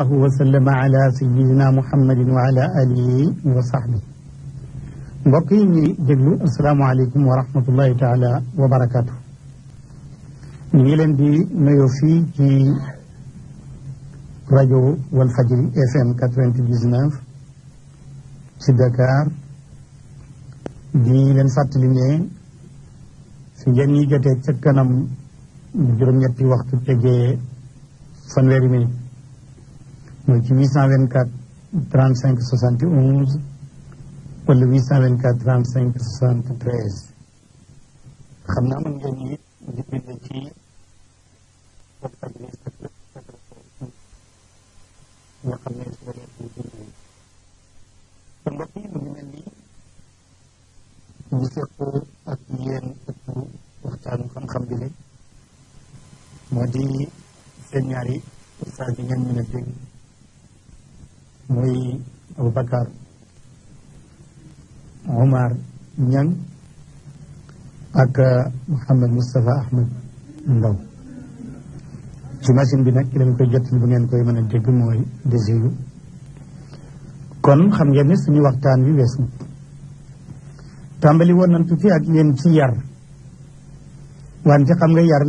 الله وسلم على سيدنا محمد وعلى اله وصحبه. بقيني جلو السلام عليكم ورحمه الله تعالى وبركاته. نيلندي نيوفي كي راديو والفجر اف ام 99 في دكار نيلن ساتليني في جنيجتي تكنم جرميتي وقت تجي فنويري مني. Mujibisnavenkat Tram Sankar Society owns Pallavisnavenkat Tram Sankar Society Trace. Khamnaman Gani, Divinity, Somebody nominally bisa ko at iyan at waktan kang kambili. Madi senyari sa dengan minaging muy Abu Bakar Omar Nyang, ak Muhammad Mustafa Ahmed Ndaw ci machine bi nag ki leen koy jottali bu ngeen koy mën a dégg mooy désir kon xam ngeen ne suñu waxtaan wi wees na tàmbali woon nañ tuuti ak yéen ci yar wante xam nga yar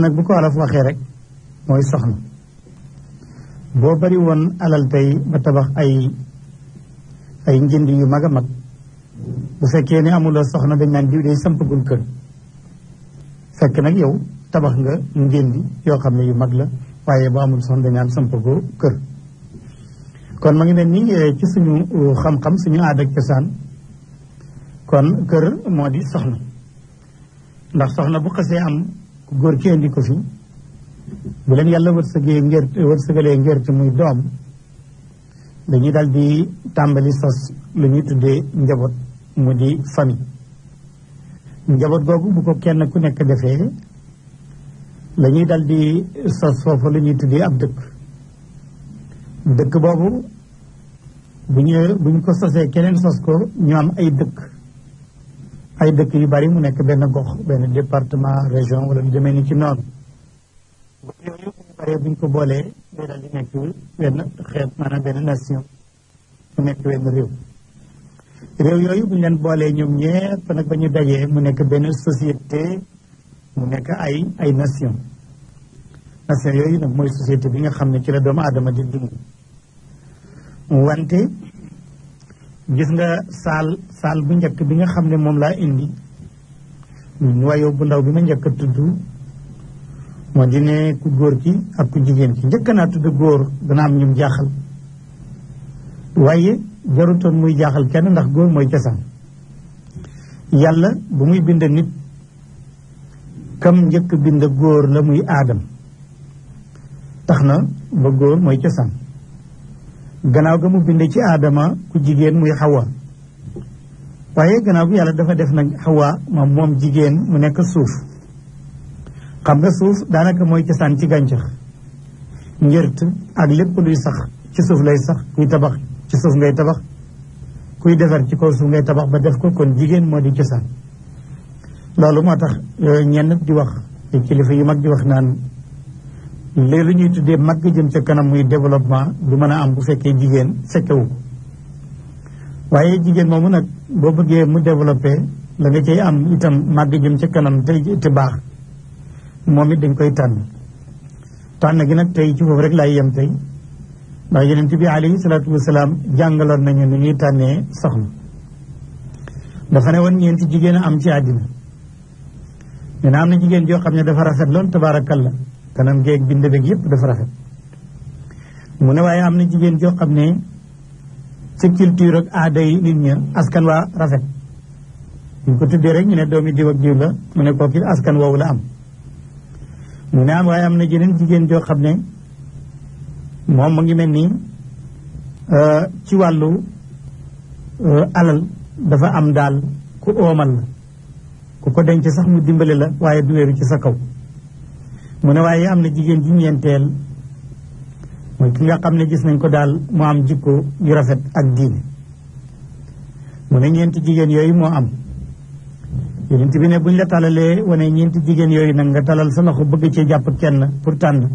la koy alaf waxee mooy soxna boo bari woon alal tey ba tabax ay ay njënd yu mag a mag bu fekkee ne amuloo soxna dañ naan diw day sampagul kër fekk nag yow tabax nga njëndi yoo xam ne yu mag la waaye ba amul soxna dañ naan sampagoo kër kon ma ngi mel ni eh, ci suñu uh, xam kon kër moo di soxna ndax soxna bu xasee am góor ki indi ko fi bu leen yàlla wërsëgee ngér wërsëgalee ngér muy doom dañuy dal di tàmbali sas lu ñuy tuddee njaboot mu di famille njaboot googu bu ko kenn ku nekk defee la ñuy dal di sos foofu lu ñuy tuddee ab dëkk dëkk boobu bu ñu bu ñu ko sasee keneen sos ko ñu am ay dëkk ay dëkk yu bari mu nekk benn gox benn département région wala lu demee ni ci noonu yooyu bu ñu paree bu ñu ko boolee day daal di nekk wenn xeet maanaam benn nation mu nekk wenn réew réew yooyu bu ñu leen boolee ñoom ñëpp nag ba ñu dajee mu nekk benn société mu nekk ay ay nation nation yooyu nag mooy société bi nga xam ne ci la doomu aadama di dund wante gis nga saal saal bu njëkk bi nga xam ne moom indi wayo bu ndaw bi ma njëkk a moo di ku góor ki ak ku jigéen ki njëkk naa tudd góor dana am ñum jaaxal waaye jarutoon muy jaaxal kenn ndax góor mooy cosaan yàlla bu muy bind nit kam njëkk bind góor la muy aadam tax na ba góor mooy cosaan gannaaw ga mu bind ci aadama ku jigéen muy xawa waaye gannaaw bi yàlla dafa def nag xawa moom moom jigéen mu nekk suuf xam nga suuf daanaka mooy cosaan ci gàncax njërt ak lépp luy sax ci suuf lay sax kuy tabax ci suuf ngay tabax kuy defar ci kaw suuf ngay tabax ba def ko kon jigéen moo di cosaan loolu moo tax euh, ñenn di wax ci kilifa yu mag di wax naan léegi lu ñuy tuddee mag jëm ca kanam muy développement du mën a am bu fekkee jigéen fekkewu ko waaye jigéen moomu nag boo bëggee mu développé la nga cay am itam màgg jëm ca kanam te te baax moom it dañ koy tànn tànn gi nag tey ci foofu rek laay yem tey ndax yonent bi alayhi salaatu wasalaam jàngaloon nañu ni ñuy tànnee soxna dafa ne woon ñeenti jigéen a am ci àddina nee na am na jigéen joo xam ne dafa rafet lool tabaarakalla kanam géeg bind beeg yëpp dafa rafet mu ne waaye am na jigéen joo xam ne ci culture ak aada yi nit ña askan waa rafet ñu ko tuddee rek ñu ne doomi diw ak diw la mu ne kooku askan woowu la am ñu ne am waaye am na jeneen jigéen joo xam ne moom mu ngi mel nii euh, ci wàllu euh, alal dafa am daal ku oomal la ku ko denc sax mu dimbale la waaye du wéeru ci sa kaw mu ne waaye am na jigéen ji ñeenteel mooy ki nga xam ne gis nañ ko daal mu am jikko yu rafet ak diine mu ne ñeenti jigéen yooyu moo am yonent bi ne buñ la talalee wane ñeenti jigéen yooyu nag nga talal sa loxo bëgg ci jàpp kenn pour tànn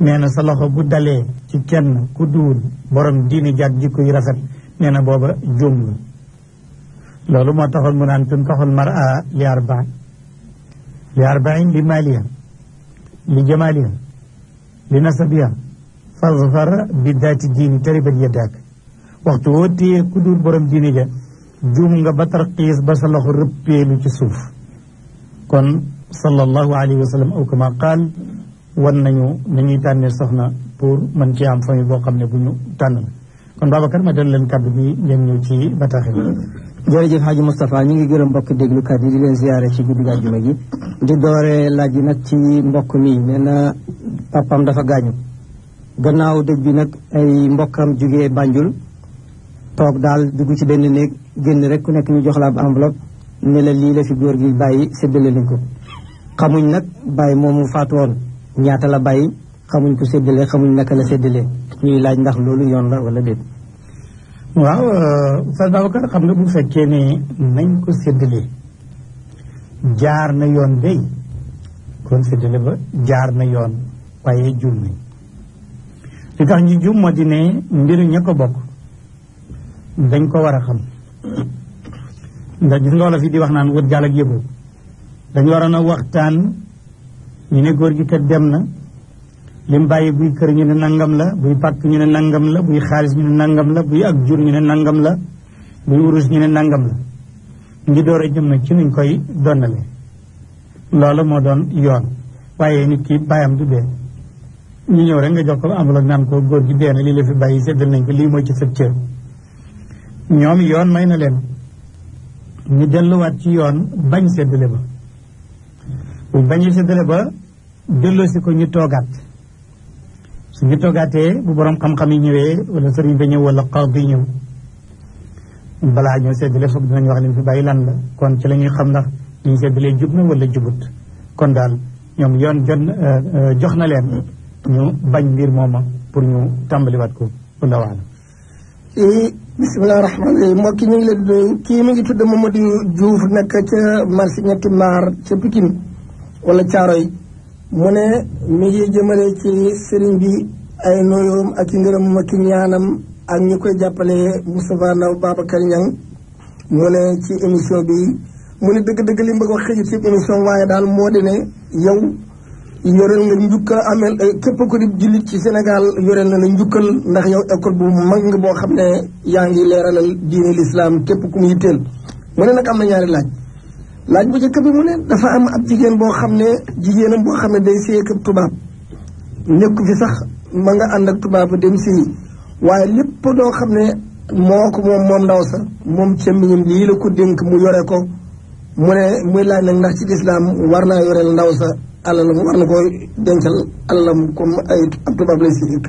nee na sa loxo bu dalee ci kenn ku duul borom diini jàkk jikko yu rafet nee na booba juum loolu moo taxoon mu naan tunkaxul mara li arbain li arbain li maaliya li jamaaliya li nasabiya fasfar bi daati diini taribat yeddaak waxtu woo téye ku duul borom diini ja juum nga ba tarxiis ba sa loxo rëppeelu ci suuf kon sallallahu alayhi wa sallam aw kama qaal wan nañu na nañuy tànnee soxna pour mën ci am famille boo xam ne bu ñu tànn la kon Babacar ma dellu leen kàddu gi ngeen ñëw ci bataaxel jërëjëf Hadji Moustapha ñu ngi gërëm mbokk déglukat yi di leen ziyaare ci guddi àjjuma gi di doore laaj yi nag ci mbokk mi nee na papam dafa gaañu gannaaw dëj bi nag ay mbokkam jugee Banjul toog daal dugg ci benn néeg génn rek ku nekk ñu jox la ab enveloppe ne la lii la fi góor gi bàyyi séddale nañ ko xamuñ nag bàyyi moomu faatu woon ñaata la bàyyi xamuñ ko séddale xamuñ nag la séddale ñuy laaj ndax loolu yoon la wala déet. waaw euh, xam nga bu fekkee ne nañ ko séddale jaar na yoon day kon séddale ba jaar na yoon waaye juum nañ li tax ñu juum moo di ne mbiru ña ko bokk. dañ ko war a xam ndax gis nga wala fi di wax naan wut gaal ak yëboo dañ waroon a waxtaan ñu ne góor gi kat dem na lim bàyyi buy kër ñu ne nangam la buy pàkk ñu ne nangam la buy xaalis nangam la buy ak jur ñu ne nangam la buy urus ñu ne nangam la ngi door a jëm nag ci nuñ koy donnale loolu moo doon yoon waaye nit ki baayam du dee ñu ñëw rek nga jox ko amul ak naan ko góor gi dee na lii la fi bàyyi seddal nañ ko lii mooy ci sëb cër ñoom yoon may na leen ñu delluwaat ci yoon bañ seddale ba bu bañee séddale ba delloo si ko ñu toogaat suñu toogaatee bu boroom xam-xam yi ñëwee wala sëriñ ba ñëw wala xaw bi ñëw balaa ñoo séddale foog dinañ wax leen fi bàyyi lan la kon ci lañuy xam na li ñu séddalee jub na wala jubut kon daal ñoom yoon jon euh, jox na leen ñu bañ mbir mooma pour ñu tàmbaliwaat ko wala wax bisimilah rahmaani rahiim mbokk yi ñu ngi leen di nuyu kii mi ngi tudd Mamadou Diouf nekk ca marché ñetti maar ca Pikine wala Caaroy mu ne mi ci sëriñ ay nuyoom ak ci ngërëm ak ñaanam ak ñu koy jàppale Moustapha Ndaw Babacar ne ci émission bi mu ne dëgg-dëgg li mu bëgg ci émission waaye daal moo di yoreel nga njukkal amel eh, képp ku di jullit ci Sénégal yoreel na la njukkal ndax yow école bu mag nga boo xam ne yaa ngi leeralal diine lislaam képp ku mu yitteel mu ne nag am na ñaari laaj laaj bu njëkk bi mu ne dafa am ab jigéen boo xam ne jigéenam boo xam ne day séy ak tubaab nekku fi sax ma nga ànd ak tubaab dem séy waaye lépp doo xam ne moo ko moom moom ndaw sax moom cemmiñam lii la ko dénk mu yore ko mu ne muy laaj nag ndax ci lislaam war na yoreel ndaw sa alal war na koo dencal mu comme ay ab tubaab lay sidik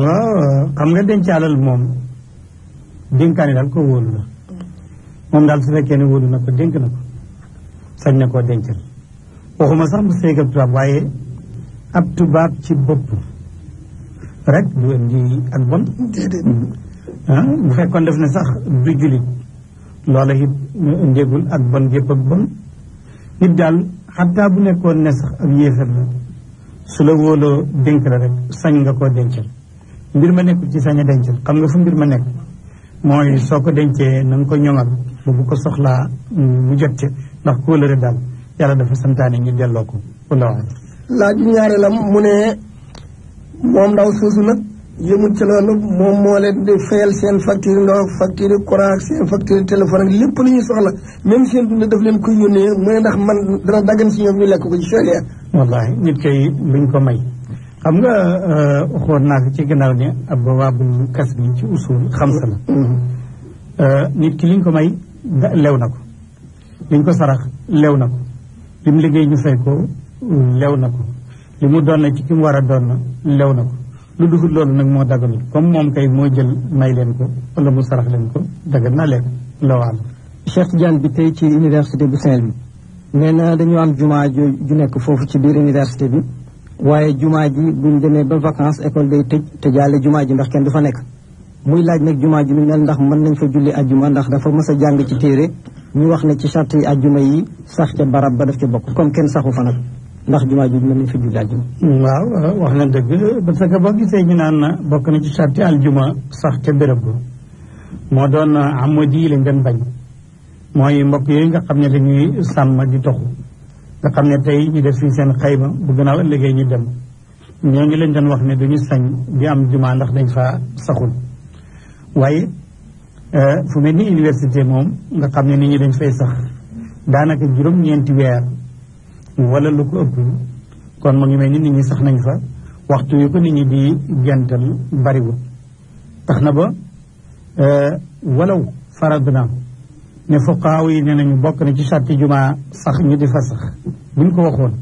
waaw xam nga denc moom dénkaani daal ko wóolu la moom daal su fekkee ne wóolu na ko dénk na ko sañ na koo dencal waxuma sax mu seeg ab tubaab waaye ab tubaab ci bopp rek du indi ak bon ah, bu fekkoon def na sax du jullit loola it njégul ak bon gépp ak bon nit daal xattaa bu nekkoon ne sax ab yéefar la su la wóoloo dénk la rek sañ nga koo dencal mbir ma nekkul ci sañ a dencal xam nga fu mbir ma nekk mooy soo ko dencee na ko ñoŋal ba bu ko soxlaa bu jot ci ndax kóolëre daal yàlla dafa santaane ngi delloo ko wala ñaareelam mu ne moom ndaw suusu nag yëmut ci loolu moom moo leen di seen facture ndox facture courant lépp lu ñu soxla leen koy yónnee mu si ñoom ñu ko ci sharia wallahi nit kay luñ ko may xam nga euh, xool naa ko ci gannaaw ne ab waabul kas bi ci usul xamsa la mm-hmm. euh, nit ki liñ ko may lew na ko liñ ko sarax lew na lew na ko li mu doon na ci ki mu war a doon na lew na ko lu duxul loolu nag moo daganul comme moom kay moo jël may leen ko wala mu sarax leen ko dagan na leen loo am Cheikh Tidiane bi tey ci université bu saint bi nee na dañu am jumaa ju ju nekk foofu ci biir université bi waaye jumaa ji buñ demee ba vacances école day tëj te jumaa ji ndax kenn du fa nekk muy laaj nag jumaa ji lu mel ndax mën nañ fa julli ajjuma ndax dafa mës a jàng ci téere ñu wax ne ci charte yi ajjuma yi sax ca barab ba daf ca bokk comme kenn saxu fa nag ndax juma ji mën nañ fa julli aljuma waaw wax na dëgg ba sa boo gisee ñu naan bokk na ci sarti aljuma sax ca béréb ba moo doon amadi yi ngeen bañ mooy mbokk yooyu nga xam ne dañuy sàmm di toxu nga xam ne tey ñu def fii seen xayma bu gënaaw ëllëgee ñu dem ñu lañ doon wax ne dañu sañ di am juma ndax dañ fa saxul waaye fu mel ni université moom nga xam ne nit ñi dañ fay sax daanaka juróom ñeenti weer wala lu ko ëpp kon mu ngi mel ni nit ñi sax nañ fa waxtu yu ko nit ñi di gental bariwul tax na ba euh, walaw faradna ne fuqaaw yi ne nañu bokk na ci sàtti juma sax ñu di fa sax buñ ko waxoon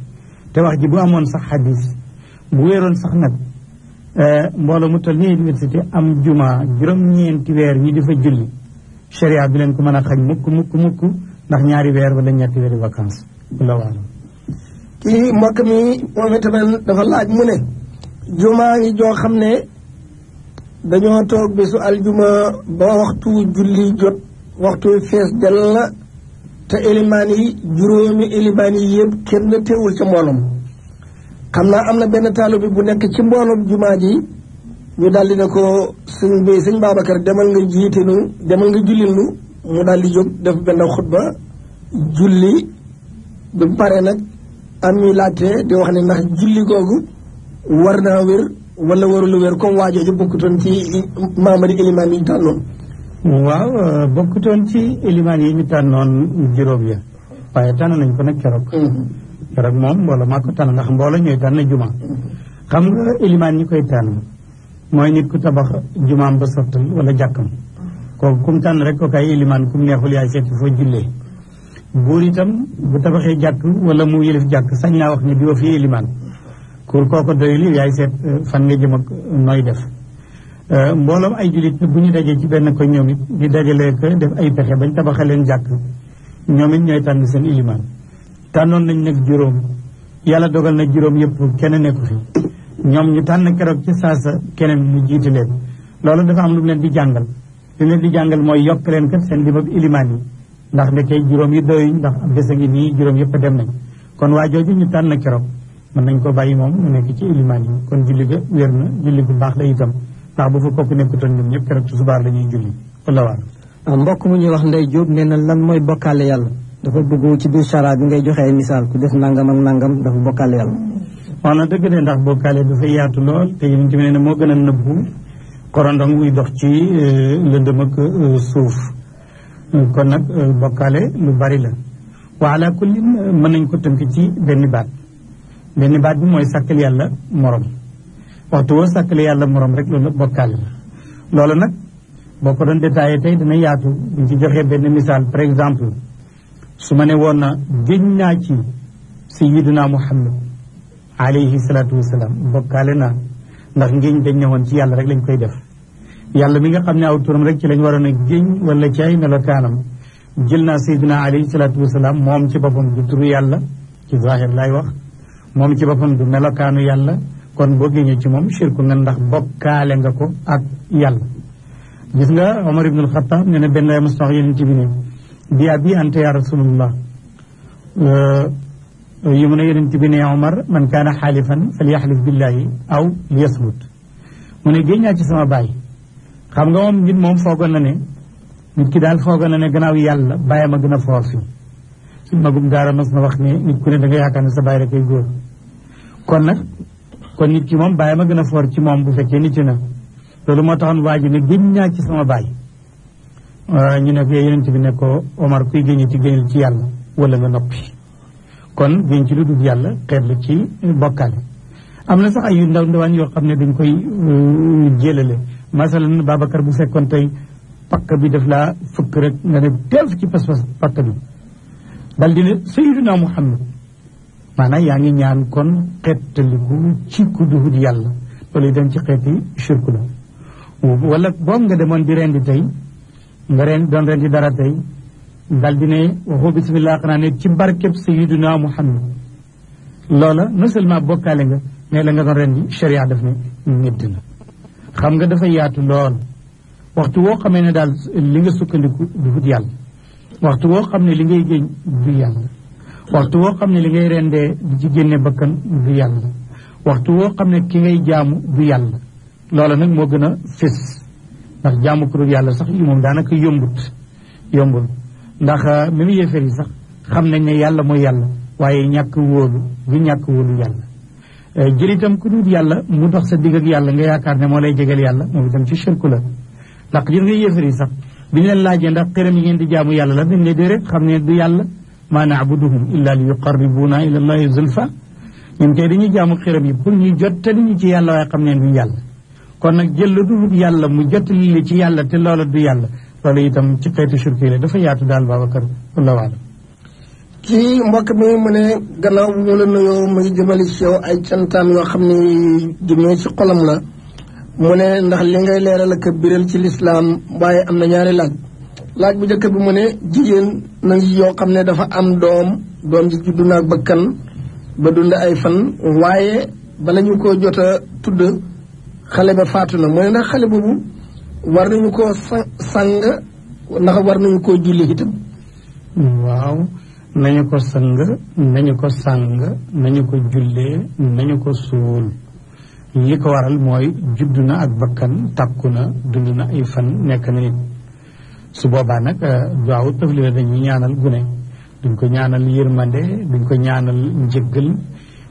te wax ji bu amoon sax hadith bu wéeroon sax nag euh, mbooloo mu toll ni université am juma juróom-ñeenti weer ñu di fa julli sharia bi leen ko mën a xañ mukk mukk mukk ndax ñaari weer wala ñetti weeri vacances wallahu alam kii mbokk mi moom itamit dafa laaj mu ne jumaa ngi joo xam ne dañoo toog bésu aljuma ba waxtu julli jot waxtu fees dell la te élimaan yi juróomi élimaan yi yëpp kenn teewul ca mbooloom xam naa am na benn taalu bu nekk ci mbooloom jumaa ji ñu daldi ne ko sëñ bi sëñ Babacar demal nga jiite nu demal nga jullil nu mu daldi jóg def benn xutba julli bu pare nag am ñuy laajte di wax ne ndax julli googu war naa wér wala warul wér comme waa jooju bokkutoon ci maamari élimaan yi ñu tànnoon. waaw euh, juróom ya waaye tànn nañ ko nag keroog. Mm-hmm. keroog moom mbooloo maa ko tànn ndax mbooloo ñooy tànn juma. Mm-hmm. xam nga élimaan ñi koy tànn mooy nit ku tabax jumaam ba sottal wala jàkkam kooku kum tànn rek ko kay élimaan kum neexul yaa seeti foo jullee. góor itam bu tabaxee jàkk wala mu yëlif jàkk sañ naa wax ni di wa fii limaan kur kooko doyul yaay seet euh, fan nga jëm ak euh, nooy def euh, mbooloom ay jullit bu ñu dajee ci benn ko ñoom it di dajalee ko def ay pexe bañ tabaxee leen jàkk ñoom it ñooy tànn seen ilimaan tànnoon nañ nag juróom yàlla dogal na juróom yëpp kenn nekku fi ñoom ñu tànn keroog ci saasa keneen mu jiite leen loolu dafa am lu mu leen di jàngal li mu leen di jàngal mooy yokk leen kat seen limab ilimaan yi ndax ndekkee juróom yi doyuñ ndax am des a ngi nii juróom yëpp dem nañ kon waa jooju ñu tànn keroog mën nañ koo bàyyi moom mu nekk ci ilimaan yi kon julli ga wér na julli gu baax la itam ndax bu fa kooku nekkutoon ñoom ñëpp keroog ci la ñuy julli wala waa ah, mbokk mu ñuy wax Ndey Jóob nee na lan mooy bokkaale yàlla dafa bëgg ci biir chara bi ngay joxee misaal ku def nangam ak nangam dafa bokkaale yàlla wax na dëgg de ndax bokkaale dafa yaatu lool te yéen ci ne moo gën a nëbbu korondong muy dox ci euh, lëndëm ak euh, suuf kon nag euh, bokkaale lu bari la wa ala kulli mën nañ ko tënk ci benn baat benn baat bi mooy sàkkal yàlla morom waxtu woo sàkkal yàlla moroom rek loolu bokkaale la loolu nag boo ko doon détaillé tey dina yaatu buñ ci joxee benn misaal par exemple su ma ne woon na géñ naa ci sayyidina muhammad alayhi salaatu wasalaam bokkaale naa ndax ngéñ dañ ne woon ci yàlla rek lañ koy def yàlla mi nga xam ne aw turam rek ci lañu waroon a géñ wala ci ay melokaanam jël naa sayyidina alayhi salaatu moom ci boppam du turu yàlla ci zahir lay wax moom ci boppam du melokaanu yàlla kon boo géñee ci moom shirku nga ndax bokkaale nga ko ak yàlla gis nga Omar ibn al-Khattab ne na benn mos wax yonent bi bi abi anta ya rasulullah yu mun a yonent bi ne Omar man kaana xaalifan falyaxlif billahi aw liyasmut mu ne géñ naa ci sama baay xam nga moom nit moom foogoon na ne nit ki daal foogoon na ne gannaaw yàlla bàyyam a gën a foor fi suñ magum daara na wax ne nit ku ne da nga yaakaar ne bàyyi rek ay góor kon nag kon nit ki moom bàyyam a gën a foor ci moom bu fekkee nit na loolu moo taxoon waa ji ne géñ ci sama baay euh, ñu ne ko yonent bi ne Omar kuy géñe ci géñul ci yàlla wala nga noppi kon géñ ci lu dul yàlla xeet la ci bokkaale am na sax ay yu ndaw ndawaan yoo xam ne dañ koy euh, jélale masalan Babacar bu fekkoon tey pakk bi daf laa fëkk rek nga ne delf ci pas-pas pakk bi dal di ne Sayyiduna Muhammad maanaam yaa ngi ñaan kon xettaliku ci ku duhut yàlla loolu itam ci xeeti shirku la wala boobu nga demoon di rendi tey nga ren doon rendi dara tey dal di ne waxoo bismillah xanaa ne ci barkeb sayiduna muhammad loola non seulement bokkaale nga mais la nga doon rendi sharia daf ne ñedd na xam nga dafa yaatu lool waxtu woo xamee ne daal li nga sukkandiku duhut yàlla waxtu woo xam ne li ngay yàlla waxtu woo xam ne li ngay rendee di ci génne bakkan du yàlla waxtu woo xam ne ki ngay jaamu du yàlla loola nag moo gën a fés ndax jaamu ko du yàlla sax yi moom daanaka yombut yombul ndax euh, même yéefar yi sax xam nañ ne yàlla mooy yàlla waaye ñàkk wóolu du ñàkk wóolu yàlla Eh, jël itam ku dul yàlla mu dox sa digg ak yàlla nga yaakaar ne moo lay jegeel yàlla moom itam ci shirku la ndax gis nga yéefar yi sax bi ñu leen laajee ndax xëram yi ngeen di jaamu yàlla la dañ ne déedéet xam ne du yàlla maa naabuduhum illa li yuqarribuna ila allahi zulfa ñun kay dañuy jaamu xëram yi pour ñu jottali ñu ci yàlla waaye xam ne du yàlla kon nag jël la dugub yàlla mu jottali li ci yàlla te loola du yàlla loolu itam ci xeetu shirku yi la dafa yaatu daal Babacar wallahu alam ci mbokk mi mu ne gannaaw bu mu la nuyoo muy jëmale ci yow ay cantaan yoo xam ne jëmee ci xolam la mu ne ndax li ngay leeral ak biral ci lislaam waaye am na ñaari laaj laaj bu njëkk bi mu ne jigéen na yoo xam ne dafa am doom doom ji juddu naag bakkan ba dund ay fan waaye bala ñu ko jot a tudd xale ba faatu na mu ne ndax xale boobu war nañu koo sang ndax war nañu koo julli itam waaw nañu ko sang nañu ko sang nañu ko jullee nañu ko suul li ko waral mooy juddu na ak bakkan tàkku na dund na ay fan nekk na nit su boobaa nag euh, duwaawu tëfli la dañuy ñaanal gune duñ ko ñaanal yërmande duñ ko ñaanal njëggal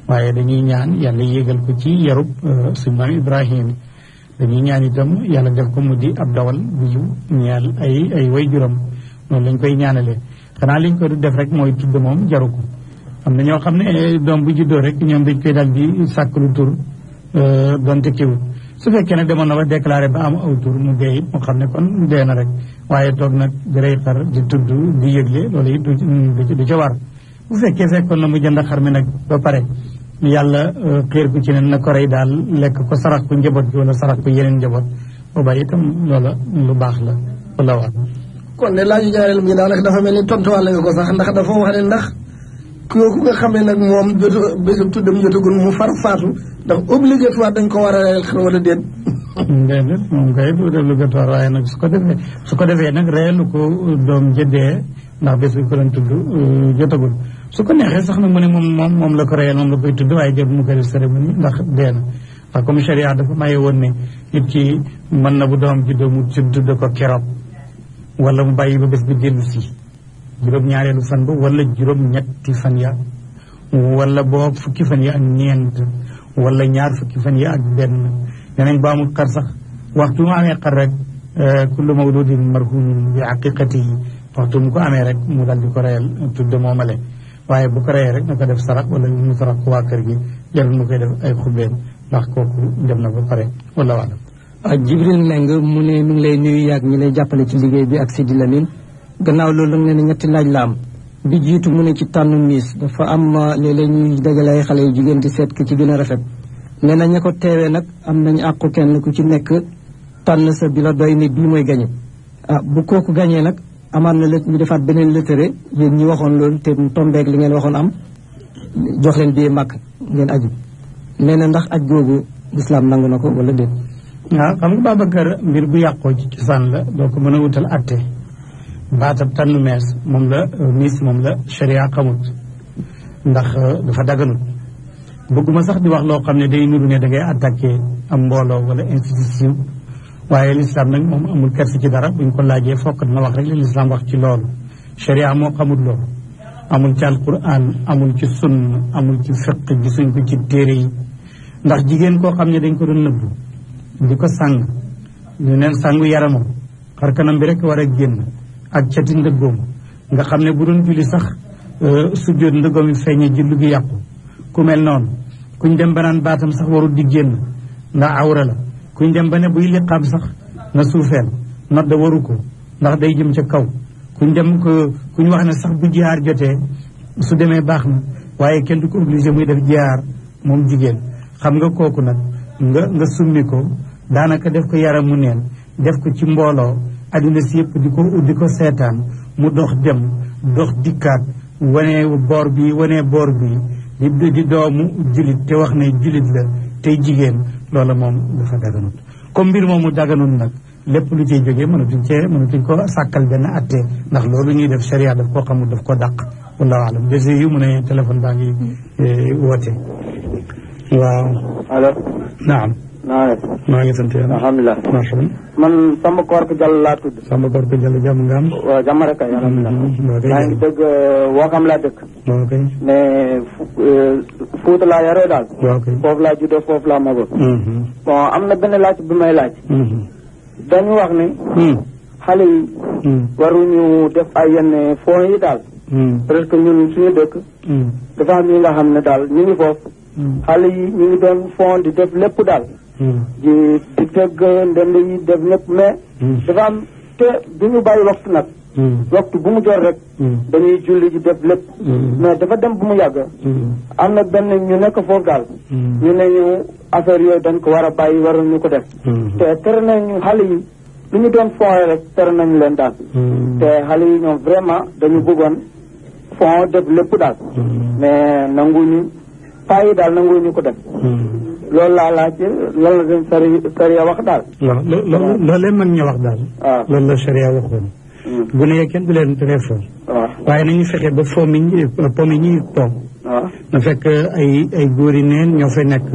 waaye dañuy ñaan yàlla yégal ko ci yarub euh, suñ maam Ibrahim dañuy ñaan itam yàlla def ko mu di ab dawal bu yiw ñeel ay way juram noonu lañ koy ñaanale xanaa liñ ko def rek mooy tudd moom jaru ko am na ñoo xam ne doom bu juddoo rek ñoom dañ koy dal di sàkk lu tur euh, donte kiwul su fekkee ne demoon na ba déclaré ba am aw tur mu dee it mu xam ne kon dee na rek waaye toog nag direy xar di tudd di yëgle loolu it du mm, du ca war bu fekkee fekkoon na mu jënd xar mi nag ba pare yàlla euh, xiir ku ci ne na ko rey daal lekk ko sarax ku njaboot gi wala sarax ku yeneen njaboot booba itam loola lu baax la kon ne laaju ñaareel bi daanaka dafa mel ni tontuwaale nga ko sax ndax dafa wax ne ndax kooku nga xam ne nag moom jotu bésub tuddam mu far faatu ndax obligatoire dañ ko war a reyal xar wala déet. déedéet moom kay waaye nag su ko defee su ko defee nag reyalu ko doom jëddee ndax bés bi ko doon tudd euh, jotagul su ko neexee sax nag mu ne moom moom moom la ko reyal moom la koy tudd waaye jot mu koy def ndax dee na ndax dafa maye woon ne nit ki mën na bu doom juddoo mu tudd ko keroog. wala mu bàyyi ba bes bi dellu si juróom-ñaareelu fan ba wala juróom-ñetti fan ya walla boo fukki fan ya ak ñeent wala ñaar fukki fan ya ak benn danañ ba amul xar sax waxtu mu amee xar rek eh, kullu mawludin marhumin bi aqiqati yi waxtu mu ko amee rek mu dal di ko reyal tudde moomale waaye bu ko rek mu ko def sarax wala mu sarax ko waa kër gi jarul mu koy def ay xubbeen ndax kooku dem na ba pare wala wàllam ak ah, Jibril Meng mu ne mi ngi lay nuyu yaag ñi lay jàppale ci liggéey bi ak Sidi Lamine gannaaw loolu nag nee na ñetti laaj la am bi jiitu mu ne ci tànn miis dafa am ah, léeg-léeg ñuy dajale ay xale yu jigéen di seet ki ci gën a rafet nee na ña ko teewee nag am nañu àqu kenn ku ci nekk tànn sa bi la doy ne bii mooy gañe ah bu kooku gañee nag amaat na lët ñu defaat beneen lëtëre yéen ñi waxoon loolu te mu tombeek li ngeen waxoon am jox leen bii màkk ngeen aju nee na ndax aj googu lislaam nangu na ko wala déet waaw xam nga Babacar mbir bu yàqoo ci cosaan la doo ko mën a wutal atte baatab tànn mees moom la euh, miis moom la sharia xamut ndax euh, dafa daganut bëgguma sax di wax loo xam ne day nuru ne da ngay attaqué am mbooloo wala institution waaye lislaam nag moom amul kersi ci dara buñ ko laajee fokk na wax rek li lislaam wax ci loolu sharia moo xamut loolu amul ci alquran amul ci sunn amul ci fiq gisuñ ko ci téere yi ndax jigéen koo xam ne dañ ko doon di ko sang ñu neen sangu yaramam xar kanam bi rek war a génn ak cati ndëggoom nga xam ne bu doon julli sax euh, sujjóot ndëggoom yi feeñee julli gi yàqu ku mel noonu kuñ dem ba naan baatam sax warul di génn ndax awra la kuñ dem ba ne buy liqaam sax na suufeel nodd waru ko ndax day jëm ca kaw kuñ dem ko kuñ wax ne sax bu jihaar jotee su demee baax na waaye kenn du ko obligé muy def jihaar moom jigéen xam nga kooku nag nga nga summi ko daanaka def ko yaram mu neen def ko ci mbooloo adduna si yëpp di ko di ko seetaan mu dox dem dox dikkaat wane boor bi wane boor bi di di doomu julit te wax ne julit la tey jigéen loola moom dafa daganut comme mbir moomu daganut nag lépp lu ciy jógee mënatuñ cee mënatuñ ko sàkkal benn atte ndax loolu ñuy def sharia daf koo xamul daf ko dàq wallahu alam dese yu mu ne téléphone baa ngi eh, woote waaw. allo. naam. naa def. maa ngi sant yàlla. alhamdulilah. man Samba Korka Diallo laa tudd. Samba Korka Diallo jàmm nga am. waaw jàmm rek kay. alhamdulilah maa ngi dëgg euh, Wakam laa dëkk. waaw kay. mais euh, Fuuta laa yaroo daal. waaw kay foofu laa la foofu laa magoo. Mm-hmm. bon am na benn laaj bi may laaj. Mm-hmm. dañu wax ni. Mm. xale yi. Mm. waruñu def ay yenn fonds yi daal. Mm. parce ñun suñu dëkk. dafa am nga xam ne daal ñu ngi foofu. xale yi ñu ngi doon fond di def lépp daal di di tëgg ndend yi def lépp mais dafa am te duñu bàyyi waxtu nag waxtu bu mu jor rek dañuy julli ji def lépp mais dafa dem bu mu yàgg am na benn ñu nekk foofu daal ñu ne ñu affaire yooyu dañ ko war a bàyyi war ñu ko def te tere nañu xale yi lu ñu doon fond rek tere nañu leen daal te xale yi ñoom vraiment dañu bëggoon fond def lépp daal mais nanguñu paa yi daal nangu ñu ko def. Hmm. loolu laa laaj lan la seen sari sariya wax daal. waaw loolu loolu mën ñu wax daal. waaw ah. loolu la sariya waxoon. gune hmm. yee kenn du leen tere fo. waaw ah. waaye nañu fexe ba fo mi ñuy po mi ñuy toog. waaw ah. na fekk ay ay góor yi neen ñoo fa nekk.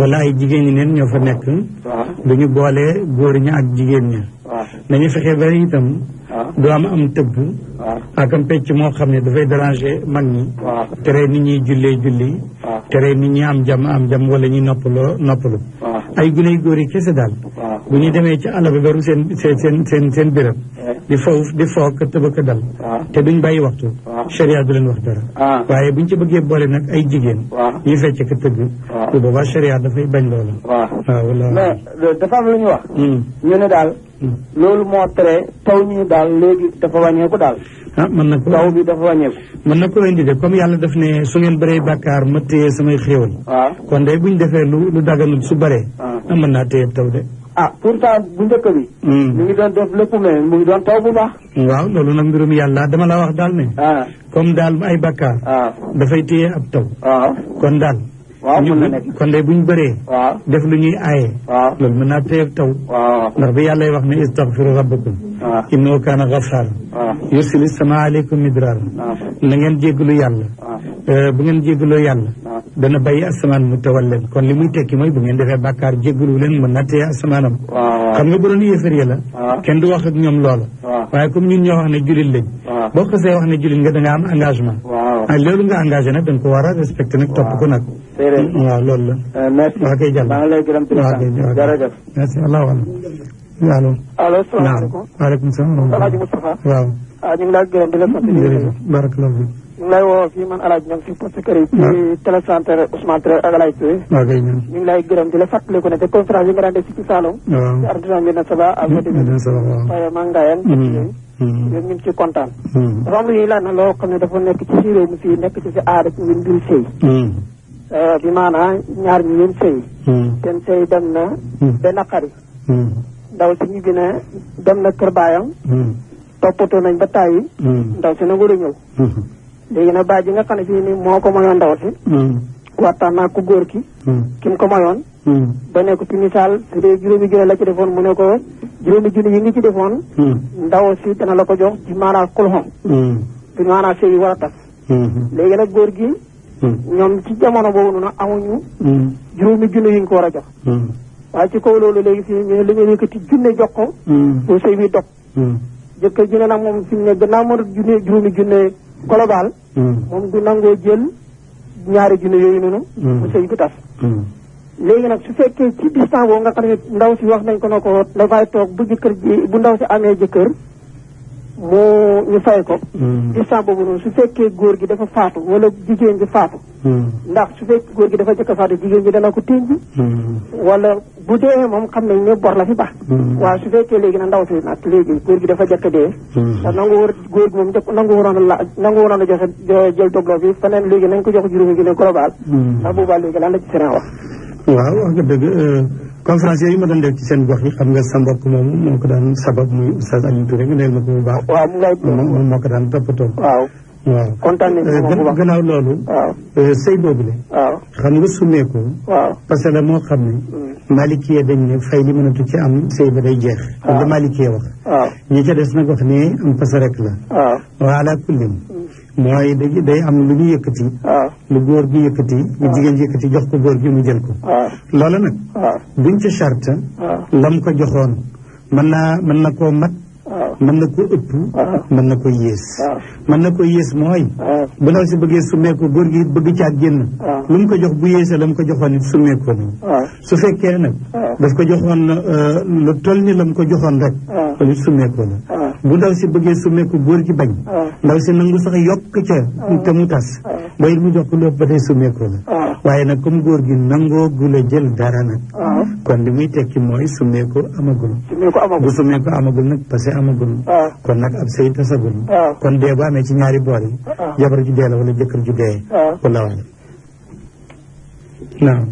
wala ay jigéen yi neen ñoo fa nekk. waaw du ñu boole góor ña ak jigéen ña. waaw nañu fexe ba itam. du am am tëgg ak am pecc moo xam ne dafay déranger mag ñi tere nit ñuy jullee julli tere nit ñi am jam am jam wala ñuy noppaloo noppalu ay gune yu góor yi kese daal bu ñu demee ci àll ba beru seen seen seen seen seen béréb eh. di foof di fook tëbëkk dal te duñ bàyyi waxtu sharia du leen wax dara ah. waaye buñ ci bëggee boole nag ay jigéen ñuy fecc ka tëgg bu boobaa sharia dafay bañ loola waaw ah, euh, dafa am lu wax hmm. loolu moo tere taw ñi daal léegi dafa wàññeeku daal. ah man nag taw bi dafa wàññeeku. man nag ko indi de comme yàlla daf ne su ngeen bëree bàkkaar ma téye samay xéewal. waaw ah. kon de bu ñu defee lu lu daganul su bëree. ah, ah mën naa téye taw de. ah pour pourtant bu njëkk bi. Hmm. mu ngi doon def lépp mais mu ngi doon taw bu baax. waaw loolu nag mbirum yàlla dama la wax daal ne. Ah. comme daal ay bàkkaar. dafay téye ab taw. kon daal. waaw mën na nekk kon de bu ñu bëree. waaw def lu ñuy aaye. waaw loolu mën naa téye taw. waaw ndax bi yàlla wax ne istaghfiru rabbakum. waaw innahu kaana ghaffaaran. waaw yursili samaa aleykum midraar. na ngeen jéggalu yàlla. Eh, bu ngeen jéggaloo yàlla. dana bàyyi asamaan mu tawal leen kon li muy tekki mooy bu ngeen defee bàkkaar lu leen mën na téye asamaanam. xam nga bu doon yéefar la. kenn du wax ak ñoom loolu waaye comme ñun ñoo wax ne jullit lañ. boo xasee wax ne jullit nga Ah, loolu nga engagé nag dañ ko war a respecté nag topp ko nag. waaw loolu la. Euh, merci waaw kay jàll. maa ngi lay gërëm jërëjëf. merci allah wala. allo. allo salaamaaleykum. waaleykum salaam. El Hadj Moustapha. waaw. ah ñu ngi lay gërëm di la sant. jërëjëf barakallah. ñu ngi lay woo fii man El Hadj ñoom si poste kër yi. ci télécentre Ousmane Traoré ak El Hadj Touré. waaw kay ñu ngi lay gërëm di la fàttaliku ne te conférence yi nga daan def ci Saloum. waaw ci artisan bi na Saba. ak Madiou Madiou Saba waaw. waaye maa ngi yooyu mm-hmm. ñu ngi ciy kontaan. dafa am lu ñuy loo xam ne dafa nekk ci si réew mi fii nekk ci si aada ci mbiru sëy. Mm-hmm. Euh, bi maanaam ñaar ñu yéen sëy. Mm-hmm. seen sëy dem na. benn xarit. ndaw si ñu gën a dem na kër baayam. toppatoo nañ ba tàyyi. ndaw si nangu la léegi nag baay yi nga xam ne fii nii moo ko mayoon ndaw si. waxtaan naa ku góor ki. ki mu ko mayoon. Hmm. ba ne ko ci misaal su dee juróomi junni la ci mu ne ko juróomi junni yi ngi ci defoon hmm. ndaw si dana la ko jox ci maanaam xulxom hmm. ci maanaam sëy yi war a tas léegi nag góor gi ñoom ci jamono boobu noonu amuñu juróomi junni yi ñu ko war a jox waaye ci kaw loolu léegi fi ñu ne li ñu yëkkati junne jox ko bu sëy bi dog jëkkër ji ne nag moom fi mu ne gannaaw mën junne juróomi junne global moom du nangoo jël ñaari junne yooyu noonu bu sëy bi tas léegi nag su fekkee ci distance boobu ndaw si wax nañ ko na ko dafay toog bu jëkkër bu ndaw si amee jëkkër moo ñu ko distance hmm. boobu noonu su fekkee góor gi dafa faatu wala jigéen gi faatu hmm. ndax su fekkee góor gi dafa jëkk a faatu jigéen gi dana ko ténj hmm. wala bu dee moom xam nañ ne bor la fi baax waaw su fekkee léegi nag ndaw si nag léegi góor gi dafa jëkk dee te nangu war góor gi moom jëkk nangu waroon a la nangu waroon a joxe jël dogloo bi feneen léegi nañ ko jox juróomi gi ne global ndax boobaa léegi lan la ci wax waaw wax nga dëgg euh, conférence yooyu ma doon def ci seen gox yi am nga sa mbokk moomu moo ko daan sabab muy oustaz Aliou Touré nga neel ma ko waaw moom moo ko daan toppatoo. waaw waaw kontaan nañu euh, gannaaw loolu. waaw euh, sëy boobu la. waaw xam nga sumeeku. waaw parce que moo xam ne. Mm. Malikiye dañ fay li mënatu ci am sëy ba day jeex. waaw li Malikiye wax. waaw ñi ca des nag wax ne am parce la. waaw alaa kulli mm. waaye day day am lu ñu yëkkati. Ah. lu góor gi yëkkati. lu ah. jigéen yëkkati jox ko góor gi mu jël ko. Ah. loola nag. duñ ca charte. lam ko joxoon man naa mën na koo mat. mën na ko ëpp. mën na ko yées. mën na ko yées mooy. bu ndaw si bëggee summeeku góor gi bëgg caa génn. lu mu ko jox bu yéesee la mu ko joxoon it summeekoo na. su fekkee nag. daf ko joxoon euh, lu toll ni la mu ko joxoon rek. kon summeekoo na. bu ndaw si bëggee summeeku góor ci bañ ah. ndaw si nangu sax yokk ca ah. te tas ah. ba it jox ko lépp ba tey summeeku la waaye nag comme góor gi nangoo gula jël dara nag kon li muy tekki mooy summeeku amagul bu summeeku amagul nag parce que amagul kon nag ab sëy tasagul kon dee bu amee ci ñaari boor yi jabar ju dee la wala jëkkër ju dee ku lawaale naam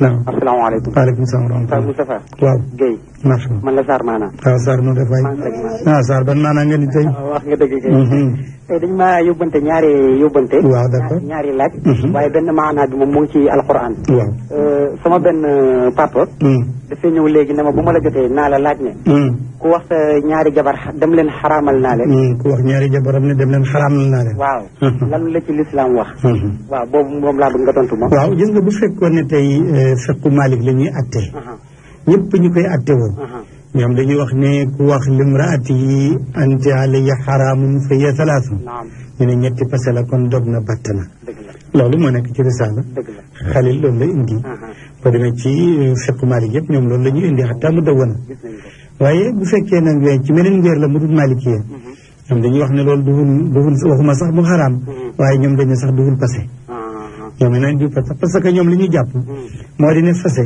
naam asalaamaaleykum waaleykum salaam wa rahmatulah Moustapha nafsu man la Sarr maanaam. waaw Sarr noonu def waay. ah Sarr ah, ban maanaam nga ni tey. Ah, wax nga dëgg kay. Mhm. Eh, dañ maa yóbbante ñaari yóbbante. waaw d'accord ñaari laaj. Mhm. waaye benn maanaa bi moom mu ngi ci alxuraan. waaw eh, sama benn euh, papa. Mhm. dafay ñëw léegi na ma bu ma la jotee naa la laaj ne. ku wax euh, ñaari jabar dem leen xaraamal naa leen. ku wax ñaari jabaram ne dem leen xaraamal naa leen. waaw lan la ci lislaam wax. waaw boobu moom laa bëgg nga tontu ma. waaw gis nga bu fekkoon ne tey euh, fekku Malick la ñuy ñëpp ñu koy atte woon uh-huh. ñoom dañuy wax ne ku wax limraati yi anti alayya dog na batt na loolu moo nekk ci risaala xalil loolu la indi uh-huh. boo demee ci fiqu malik yëpp ñoom loolu la ñuy indi xataa mu dawana bu fekkee nag ci meneen weer la mu dul malik yi uh-huh. ñoom dañuy ne loolu duhul duhul waxuma sax mu xaraam waaye ñoom dañu sax duhul pase ñoom nag du pase parce que ñoom li ñu jàpp moo di fase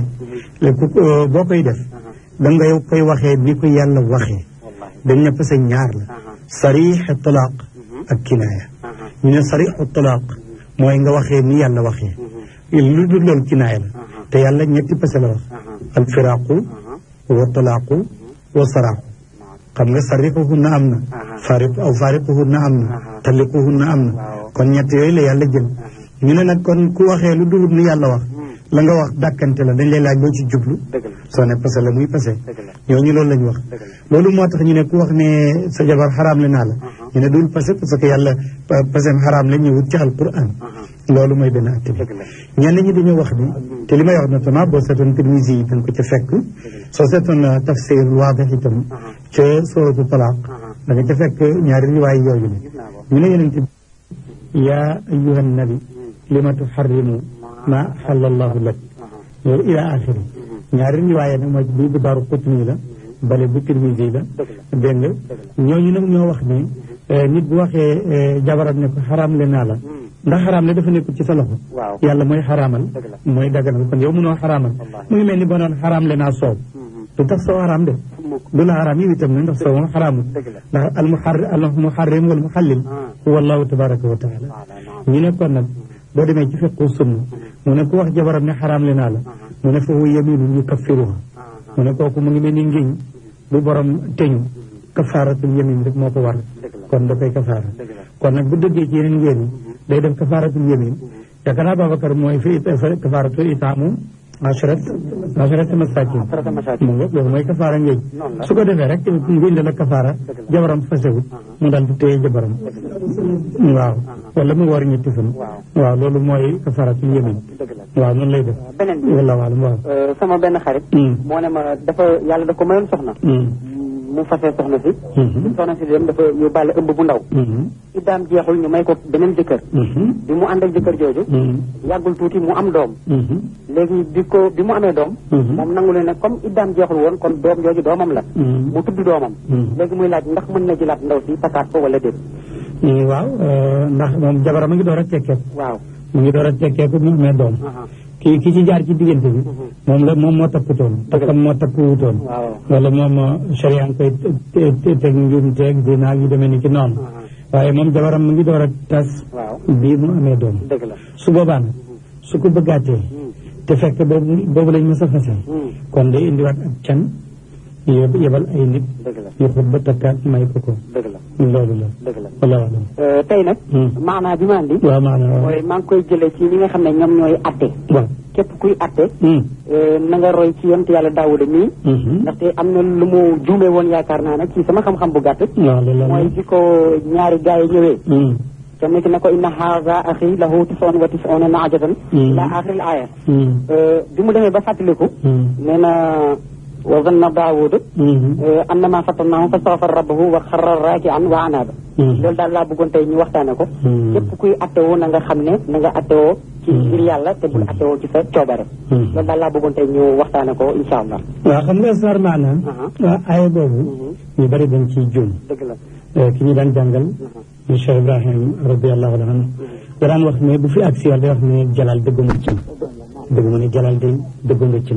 léegi euh, boo koy def uh-huh. da ngay koy waxee ni ko yàlla waxee dañ ne parce que ñaar la uh-huh. sarixu talaaq uh-huh. ak kinaaya ñu ne sarixu talaaq mooy nga waxee ni yàlla waxee lu dul loolu kinaaya la te yàlla ñetti parce que la wax al firaaqu wa talaaqu wa saraaxu xam nga sarixuhunna am na fariq aw fariquhunna am na taliquhunna am na kon ñett yooyu la yàlla jël ñu ne nag kon ku waxee lu dul ni yàlla wax la nga wax dàkkante la dañ lay laaj loo ci jublu soo ne pase la muy pase ñooñu loolu la ñu wax loolu moo tax ñu ne ku wax ne sa jabar xaraam la naa la uh-huh. ñu ne dul pase parce que yàlla pasem xaraam la ñëwut ci alquran uh-huh. loolu mooy benn atte bi ñenn ñi dañoo wax ni te li may wax notamment boo seetoon Tirmisi yi dañ ko ca fekk soo seetoon euh, tafsir waadix itam uh-huh. ca suratu talaaq da nga ca fekk ñaari riwaay yooyu la ñu ne yonente yaa ayyuhan nabi hmm. lima tuharrimu ما صلى الله لك إلى آخره نار رواية مجبود بار قطني لا بل بكر ميزي لا بينه نيو نم نيو وخني نيب وخ آه، آه، جبران نك حرام لنا لا ده حرام لده فني كتير سلوه يا الله ماي حرام لا ماي ده يوم نو حرام لا ماي مني حرام لنا صوب تدك سو حرام ده دون حرام يبتمن ده سو حرام لا المحر المحرم والمحلل آه. هو الله تبارك وتعالى نعم. نيو كنا boo demee ci fiqu sunna mu ne ku wax jabaram ne xaraam li naa la mu ne foofu yaminu ñu kaffiruha mu ne kooku mu ngi mel ni ngiñ bu borom teñu kafaaratul yamin rek moo ko war kon da koy kafaara kon nag bu dëggee ci yeneen ngeen day def kafaaratul yamin yaakaar naa mooy fi kafaaratul itaamu assurat assurat masakin mu nga loolu mooy kafaara ngéej su ko defee rek ngéej la la kafaara jabaram fasewut mu daal di téye jabaram waaw wala mu war ñetti fan waaw loolu mooy kafaaratul yemin waaw noonu lay def beneen bi wala waalam waaw euh, sama benn xarit hmm. moo ne ma dafa yàlla da ko mayoon soxna hmm. mu fasee soxna si mhm. bi soxna si dem dafa ñu bàlle ëmb bu ndaw mhm. iddaam jeexul ñu may ko beneen jëkkër mhm. bi mu ànd ak jëkkër jooju yàggul tuuti mu am doom léegi bi ko bi mu amee doom moom nangu leen ne comme iddaam jeexul woon kon doom jooju doomam la mu tudd doomam léegi muy laaj ndax mën na jëlaat ndaw si takkaat ko wala déet waaw euh, ndax moom jabaram a ngi door a cekkeeku waaw mu ngi door a cekkeeku mu amee doom kii ki jaar ci diggante bi moom la moom moo takkutoon takkam moo takkuwutoon wala moom sharia koy teg njuum teeg dinaag yu demee ni ci noonu waaye moom jabaram mu ngi door a tas bii mu amee doom su boobaa su ko bëggaatee te fekk boobu boobu lañ mës a fase hmm. kon day indiwaat ak can yebal ay nit. dëgg la ñu xub ba takkaat may ko ko. dëgg la loolu la. dëgg la wallaahi la. Euh, tey nag. Hmm. maanaa bi ma andi. waaw maanaa waaw mooy maa ngi koy jëlee ci li nga xam ne ñoom ñooy atte. waaw képp kuy atte. Hmm. Euh, na nga roy ci yonent yàlla Daawuda mii. Hmm. ndaxte am na lu mu juume woon yaakaar naa nag ci sama xam-xam bu gàtt. waaw loolu la mooy bi ko ñaari gaay yi ñëwee. kenn ki ne ko inna haaza axi lahu tisoon wa tisoona naajatan. ila axiril aaya. Euh, bi mu demee ba fàttaliku. nee na. wa zanna daawudu mhm. eh, annama fatannahu fastaghfara rabbahu wa xarra raaki'an wa anaaba mhm. loolu daal laa bëggoon tey ñu waxtaane ko mhm. képp kuy attewoo na nga xam ne na nga attewoo ci ngir yàlla te bul attewoo ci sa coobare loolu daal laa ko insha allah waaw xam nga asrar maana ah, aaya boobu ñu bari dañ ciy juum dëgg la eh, ki ñu daan jàngal ñu Cheikh Ibrahim radiyallahu anhu daan wax ne bu fi agsi wax ne jalal dëgg nga ci dëgg mu jalal day dëgg nga ci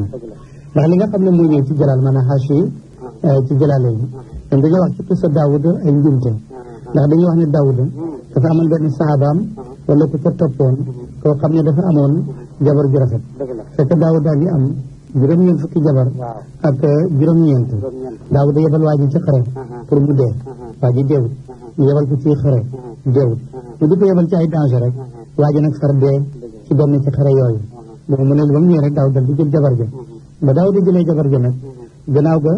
ndax li nga xam ne moo ñëw ci jalaal maanaam xaasi ah. eh, ci jalaale yi ah. ñoom dañoo wax ci qissa Daawuda ay njumte ah, ndax dañuy wax ne Daawuda hmm. dafa amoon benn saxaabaam wala ku ko toppoon hmm. koo xam ne dafa amoon hmm. jabar ju rafet fekk Daawuda ngi am juróom-ñeent fukki jabar ak eh, juróom-ñeent Daawuda yebal waa ji ci xare pour mu dee waa ji deewut ñu yebal ko ci xare deewut mu di ko yebal ci ay danger rek waa ji nag far dee ci benn ci xare yooyu moom mu ne ba mu ñëwee rek Daawuda di jël jabar ja ba daaw di jëlee jabar ja gannaaw ga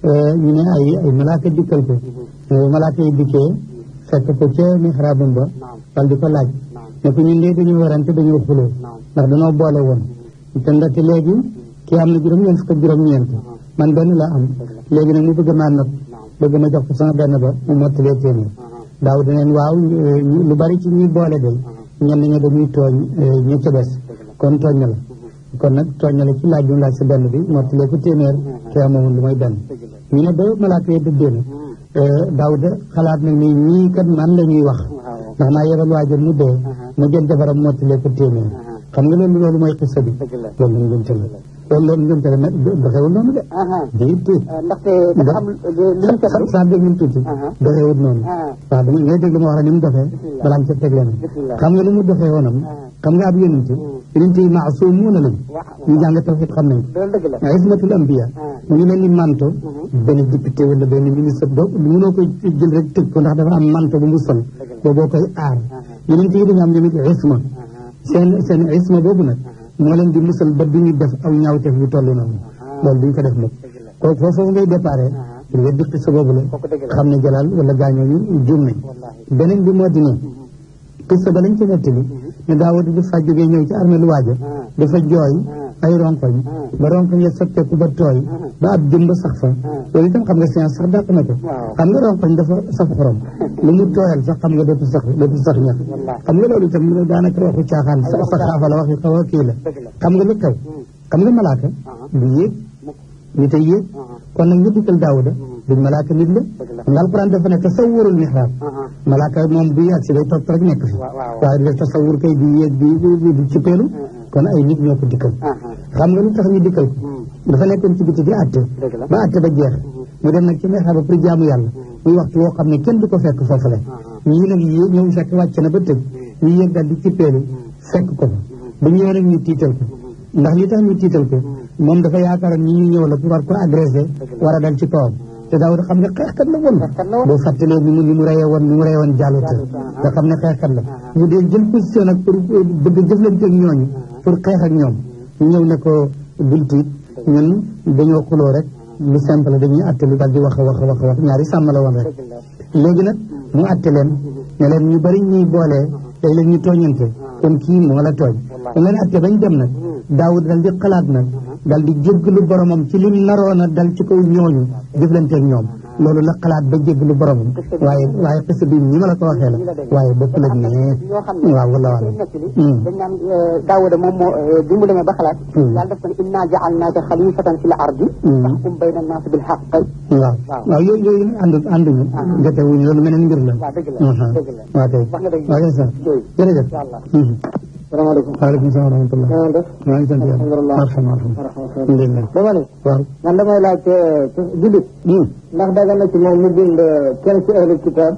euh, ñu ne ay ay malaaka dikkal ko euh, malaaka yi dikkee fekk ko ba wal di ko laaj ne ko ñun léegi dañoo warante dañoo xuloo ndax dañoo boole woon te ndaxte léegi kii am na juróom-ñeent fukk juróom-ñeent man benn la am léegi nag mu bëgg maa not bëgg ma jox ko sama benn ba mu mottalee téeméer daaw daneen waaw lu bari ci ñuy boole day ñenn ña dañuy tooñ euh, ña ca des kon tooñ na la kon nag tooñale ci laaj bi mu laaj sa benn bi mottalee ko téeméer mm-hmm. te amamul lu mooy benn ñu ne ba malaaka yi dëddeen mm-hmm. eh, Daawuda xalaat nag ni ñii kat man la ñuy wax ndax naa yebal waajur mu dee mm-hmm. mu jël jabaram mottalee ko téeméer xam nga loolu loolu mooy xissa bi loolu lañ gën tëll loolu loolu ngënte la nag doxewul noonu de. déet déet. Ah, ndaxte dafa am li ñu ko xam. saa dégg ñu tuuti. doxewul noonu. Ah. waaw dama ngay dégg ma wax la ni mu doxee. balaa ñu ca teg leen. xam nga lu mu doxee woonam. Ah. xam nga ab yonent. Hmm. yonent yi maasumuuna lañ. ñu jàng tawhid xam nañ. loolu dëgg la ismatul ambiya. mu ngi mel ni manto. Hmm. benn député wala benn ministre doo mënoo ko jël rek tëj ko ndax dafa am manto bu mu sol. dëgg la boo koy aar. yonent yi dañu am tamit isma. seen seen isma boobu nag moo leen di musal ba duñu def aw ñaawteef bu toll noonu ah. loolu duñ ko def nag kooku foofu ngay déparé pour nga dëkk sa boobu la xam ne jalaal wala gaañoo ñu juum beneen bi moo di ne piste mm-hmm. ba lañ ci nettali mm-hmm. ne daawatu di fa jógee ñëw ci armée lu waajo ah. dafa jooy ah. ay ronkoñ mm. ba ronkoñ ya sotteeku ba tooy mm. ba ab jëmb sax fa mm. loolu itam xam nga science sax dàq na ko xam nga ronkoñ dafa saf xorom lu mu tooyal sax xam nga dootu sax dootu sax ñax xam nga loolu itam lu daanaka waxu caaxaan saxaafa la wax yu xaw a kii xam nga lu kaw xam nga malaaka uh-huh. du yéeg nit a yéeg uh-huh. kon nag ñu dikkal daawuda duñ malaaka nit la xam nga alquran dafa nekk tasawurul mihraab uh-huh. malaaka moom bu yàgg si day topp rek nekk fi waaye def tasawur kay di yéeg ci peelu kon ay nit ñoo ko dikkal ah, ah. xam nga lu tax ñu dikkal ko hmm. dafa nekkoon ci biti di àtte ba àtte ba jeex mu hmm. dem nag ci may xaba pour jaamu yàlla hmm. muy waxtu woo xam ne kenn du ko fekk foofu la ah, ñii nag yéen ñoom fekk wàcc na ba tëj ñii yéen daal di cippeelu fekk ko bu ñëwee nag ñu tiital ko ndax li tax ñu tiital ko moom dafa yaakaar ñi ñu ñëw la pour war ko agressé war a dal ci kawam te Daawuda xam ne xeexkat la woon boo fàttalee ni mu ni mu rayee woon ni mu rayee woon jàllute nga xam ne xeexkat la ah. ñu dee jël position nag pour bëgg jëflante ak ñooñu ah. pour xeex ak ñoom ñëw ne ko bul tiit ñun dañoo xuloo rek lu simple dañuy atte lu daal di wax wax wax wax ñaari sàmm la woon rek léegi nag mu atte leen ne ñu bari ñuy boolee day leen ñu tooñante ah. kon kii moo la tooñ dañ leen atte bañ dem nag hmm. Daawuda dal di xalaat nag dal di jéggalu boromam ci lim naroon a dal ci kaw ñooñu jëflanteeg ñoom loolu la xalaat ba jéggalu boromam waaye waaye xës bi ni ma la ko waxee la waaye bokk nag ne waaw wala wala hmm. dañ naan euh, daawuda moom moo euh, bi mu demee ba xalaat yàlla hmm. def ko inna ja'alnaaka xalifatan fil ardi hmm. fahkum bayna naas bil haqq waaw waaw yooyu yooyu àndu ànduñu ah. jote wuñu loolu meneen mbir la waaw dëgg la waaw kay waaw kay sax jërëjëf salaamaaleykum waaleykum salaam wa rahmatulah. maa ngi def maa ngi sant yàlla. alhamdulilah alhamdulilah. dama ne. waaw man damay laaj euh, jullit. Hmm. ndax dagan na ci moom mu bind euh, kenn ci ahlu kitaab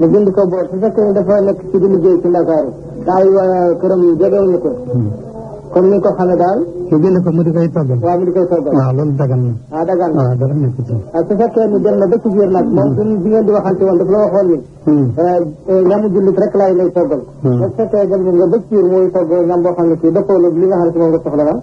mu bind ko boor su fekkee dafa nekk ci di liggéey ci Ndakaaru. daal euh, këram jegewuñu ko. Hmm. comme ni ko xamee daal. mu jëlee ko mu di koy toggal. waaw mu di koy toggal. waaw loolu dagan na. ah dagan na waaw ah, dara nekk ci. ah su fekkee ni dem na ba ci biir nag. Hmm. moom suñu jigéen di waxante woon daf la waxoon ni. Hmm. Eh, eh, ñamu jullit rek laay lay toggal. Hmm. su fekkee dem nga ba ci biir muy togg ñam boo xam ne kii dëppoo la li nga xam ne si moom nga soxla la.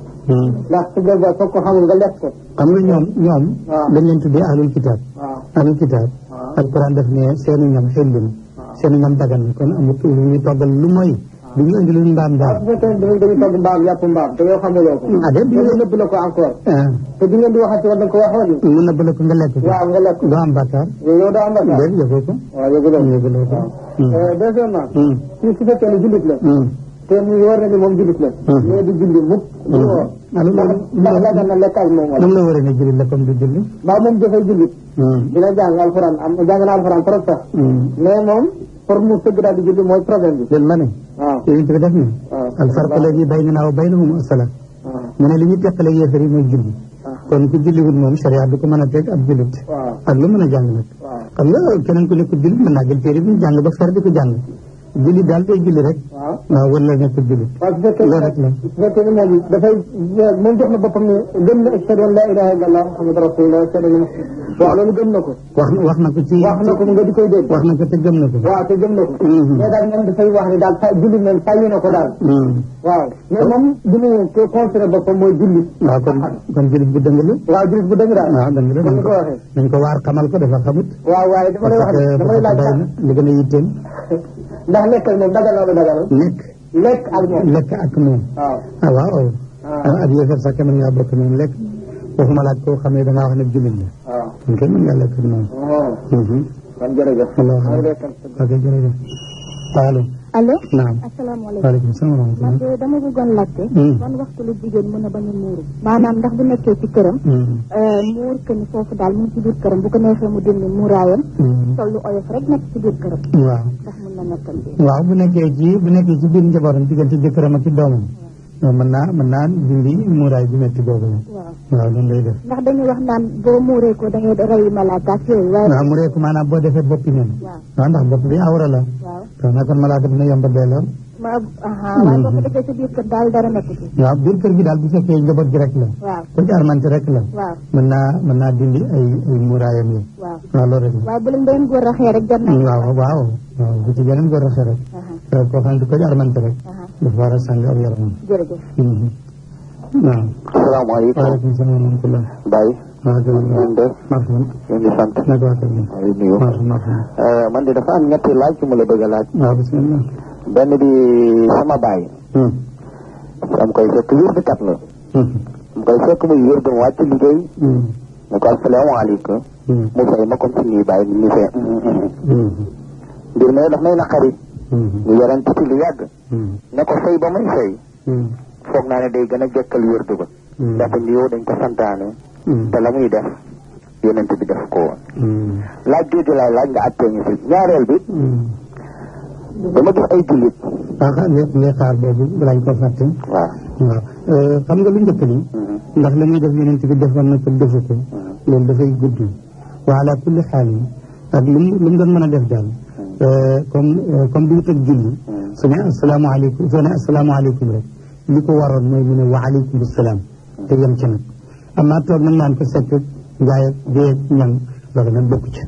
ndax su boobaa foog ko xamul nga lekk ko. xam nga ñoom ñoom. waaw dañ leen tuddee ahlul kitaab. waaw ahlul kitaab. waaw alquran daf ne seeni ñam xillun. waaw seeni ñam dagan kon amul lu ñuy toggal lu mooy du ñu indi lu mbaam mbaam. bu fekkee dañuy togg mbaam yàpp mbaam te yow xamaloo ko. ah déedéet mu nëbb la ko encore. Ah. te di ngeen di waxati war na ko waxoon. mu nëbb la ko nga lekk. waaw nga lekk doo am bakkaar. yow doo am bakkaar déedéet yëgoo ko. waaw yëguloo ko waaw. Hmm. Euh, deuxièmement. kii hmm. su fekkee ne jullit la. Hmm. te ñu war nañu moom jullit la. mais du julli mukk. Ah, ndax dagan na lekk ak moom wala. la war a ne jullit la comme du julli. mbaa moom dafay jullit. dina jàng alxuraan am jàng na alxuraan trop sax. mais moom. pour mu sëgg daal di julli mooy problème bi. loolu ma ne. waaw yonent bi def na. waaw al farq alladi baynana wa baynahum as-salaat. mu ne li ñu teqale yéefar yi mooy julli. kon ku julliwul moom sharia du ko mën a teg ab jullit. ak lu mën a jàng nag. xam nga keneen ku nekkul jullit mën naa jël téere bi jàng ba fer di ko jàng. julli daal day julli rek. waaw waaw war na nekk julli. waaw su fekkee ne rek la su fekkee ne moom dafay moom jox na boppam ne gëm na ashhadu an laa ilaaha illallah muhammadu rasulullah waaw loolu gëm na ko. wax wax na ko ci. wax na ko nga di koy dégg. wax na ko te gëm na ko. waaw te gëm na ko. Mhm. mais daal moom dafay wax ne daal julli moom fàyyi na ko daal. Mhm. waaw mais moom du ñu ko considéré boppam mooy julli. waaw kon kon jullit bu dëng la. waaw jullit bu dëng daal. waaw dëng la dañ ko waxee. dañ ko waar xamal ko dafa xamut. waaw waaye dama lay wax dama lay laaj. ndax ndax lekk ak moom dagal naa lu dagal. lekk lekk ak moom lekk ak moom. waaw ah waaw. ah ab yéefar sax mën ngaa bokk moom lekk waxuma laaj koo xam ne da ngaa wax ne jullit la. waaw kon kenn mën ngaa lekk ak moom. Mhm. kon jërëjëf. waaw ok jërëjëf. allo. allo naam asalaamaaleykum man de dama bëggoon laajte hmm. ban waxtu la jigéen mën a bañ a muuru maanaam ndax bu nekkee ci këram hmm. euh, muur que ni foofu daal mu ci biir këram bu ko neexee mu dindi muuraayam hmm. sol lu oyof rek nekk ci biir këram waaw ndax mën na nekkal bi waaw bu nekkee ci bu nekkee ci biir njabootam diggante jëkkëram ak ci doomam mën naa mën naa dindi muuraay bi métti boobu la. waaw loolu lay def. ndax dañuy wax naan boo muuree ko da rey malaaka ak yooyu. waaw muuree ko boo defee bopp yi noonu. waaw ndax bopp bi awra la. waaw kon nag kon malaaka ba waaye boo ko defee sa biir kër daal dara waaw biir kër gi daal bu fekkee njaboot gi rek la waaw ko ci armante rek la waaw naa mën naa dindi ay ay muuraayam yi waaw waaw na mm, waaw waaw waaw bu ci beneen góor raxee rek koo xam ne ko ci armante rek dafa war a sàng ak yaramam jërëjëf mm-hmm. waaw salaamaaleykum waaleykum salaam wa rahmatulah Baye waaw jërëjëf Martin man de dafa am ñetti laaj ci la bëgg a laaj waaw bismillah benn bi sama baay. Hmm. am koy fekk wirdikat la. am koy fekk muy wirdu mu wàcc liggéey. ne hmm. ko asalaamaaleykum. Hmm. mu fay ma comme suñuy baay ñu fee. mbir mi daf may naqari. ñu yorante ci lu yàgg. ne ko fay ba muy fay. foog naa ne day gën a jëkkal wirdu ba. ndax yow dañ ko santaane. te la muy def yonent bi def ko laaj jooju laay laaj nga àttee ñu si ñaareel bi. dama gis ay jullit. ah ne ne xaar boobu lañ ko fàtte. waaw waaw euh, xam nga lu njëkk li. Mm-hmm. ndax la ñuy def yeneen bi defoon na ko defu ko. Mm-hmm. loolu dafay gudd. wa ala kulli xaal yi ak lu mu lu mu doon mën a def daal. Mm-hmm. Euh, comme euh, comme bi ñu tëj julli. su ne asalaamaaleykum soo ne asalaamaaleykum rek li ko waroon mooy mu ne wa aleykum salaam. te yem ci nag am naa toog nag naan ko sekk gaay ak bee ñan loolu nag bokk ci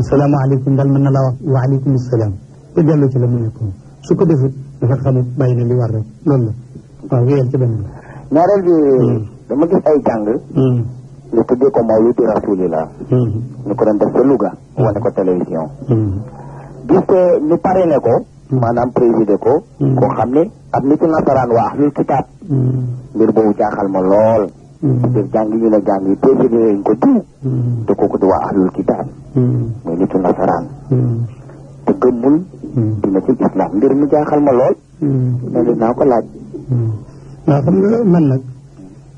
asalaamaaleykum daal mën na laa wax wa aleykum salaam. te dellu ci la mu nekkoon su ko defut dafa xamut bàyyi na li war rek loolu la waaw wéyal ci benn ñaareel bi hmm. dama gis ay jàng ñu hmm. tuddee ko mawlidu rasulillah hmm. ñu ko doon def sa Louga wane ko télévision gis que ñu parrainé ko maanaam présidé ko koo xam ne ab nitu nasaraan waa ahlul kitaab mbir boobu jaaxal ma lool parce que jàng yi ñu yi présidé ko diw te kooku di waa ahlul kitaab muy nitu nasaraan te gëmmul Mm. dina ci islam mbir mi jaaxal ma lool. Mm. loolu dinaa ko mm. xam nga man nag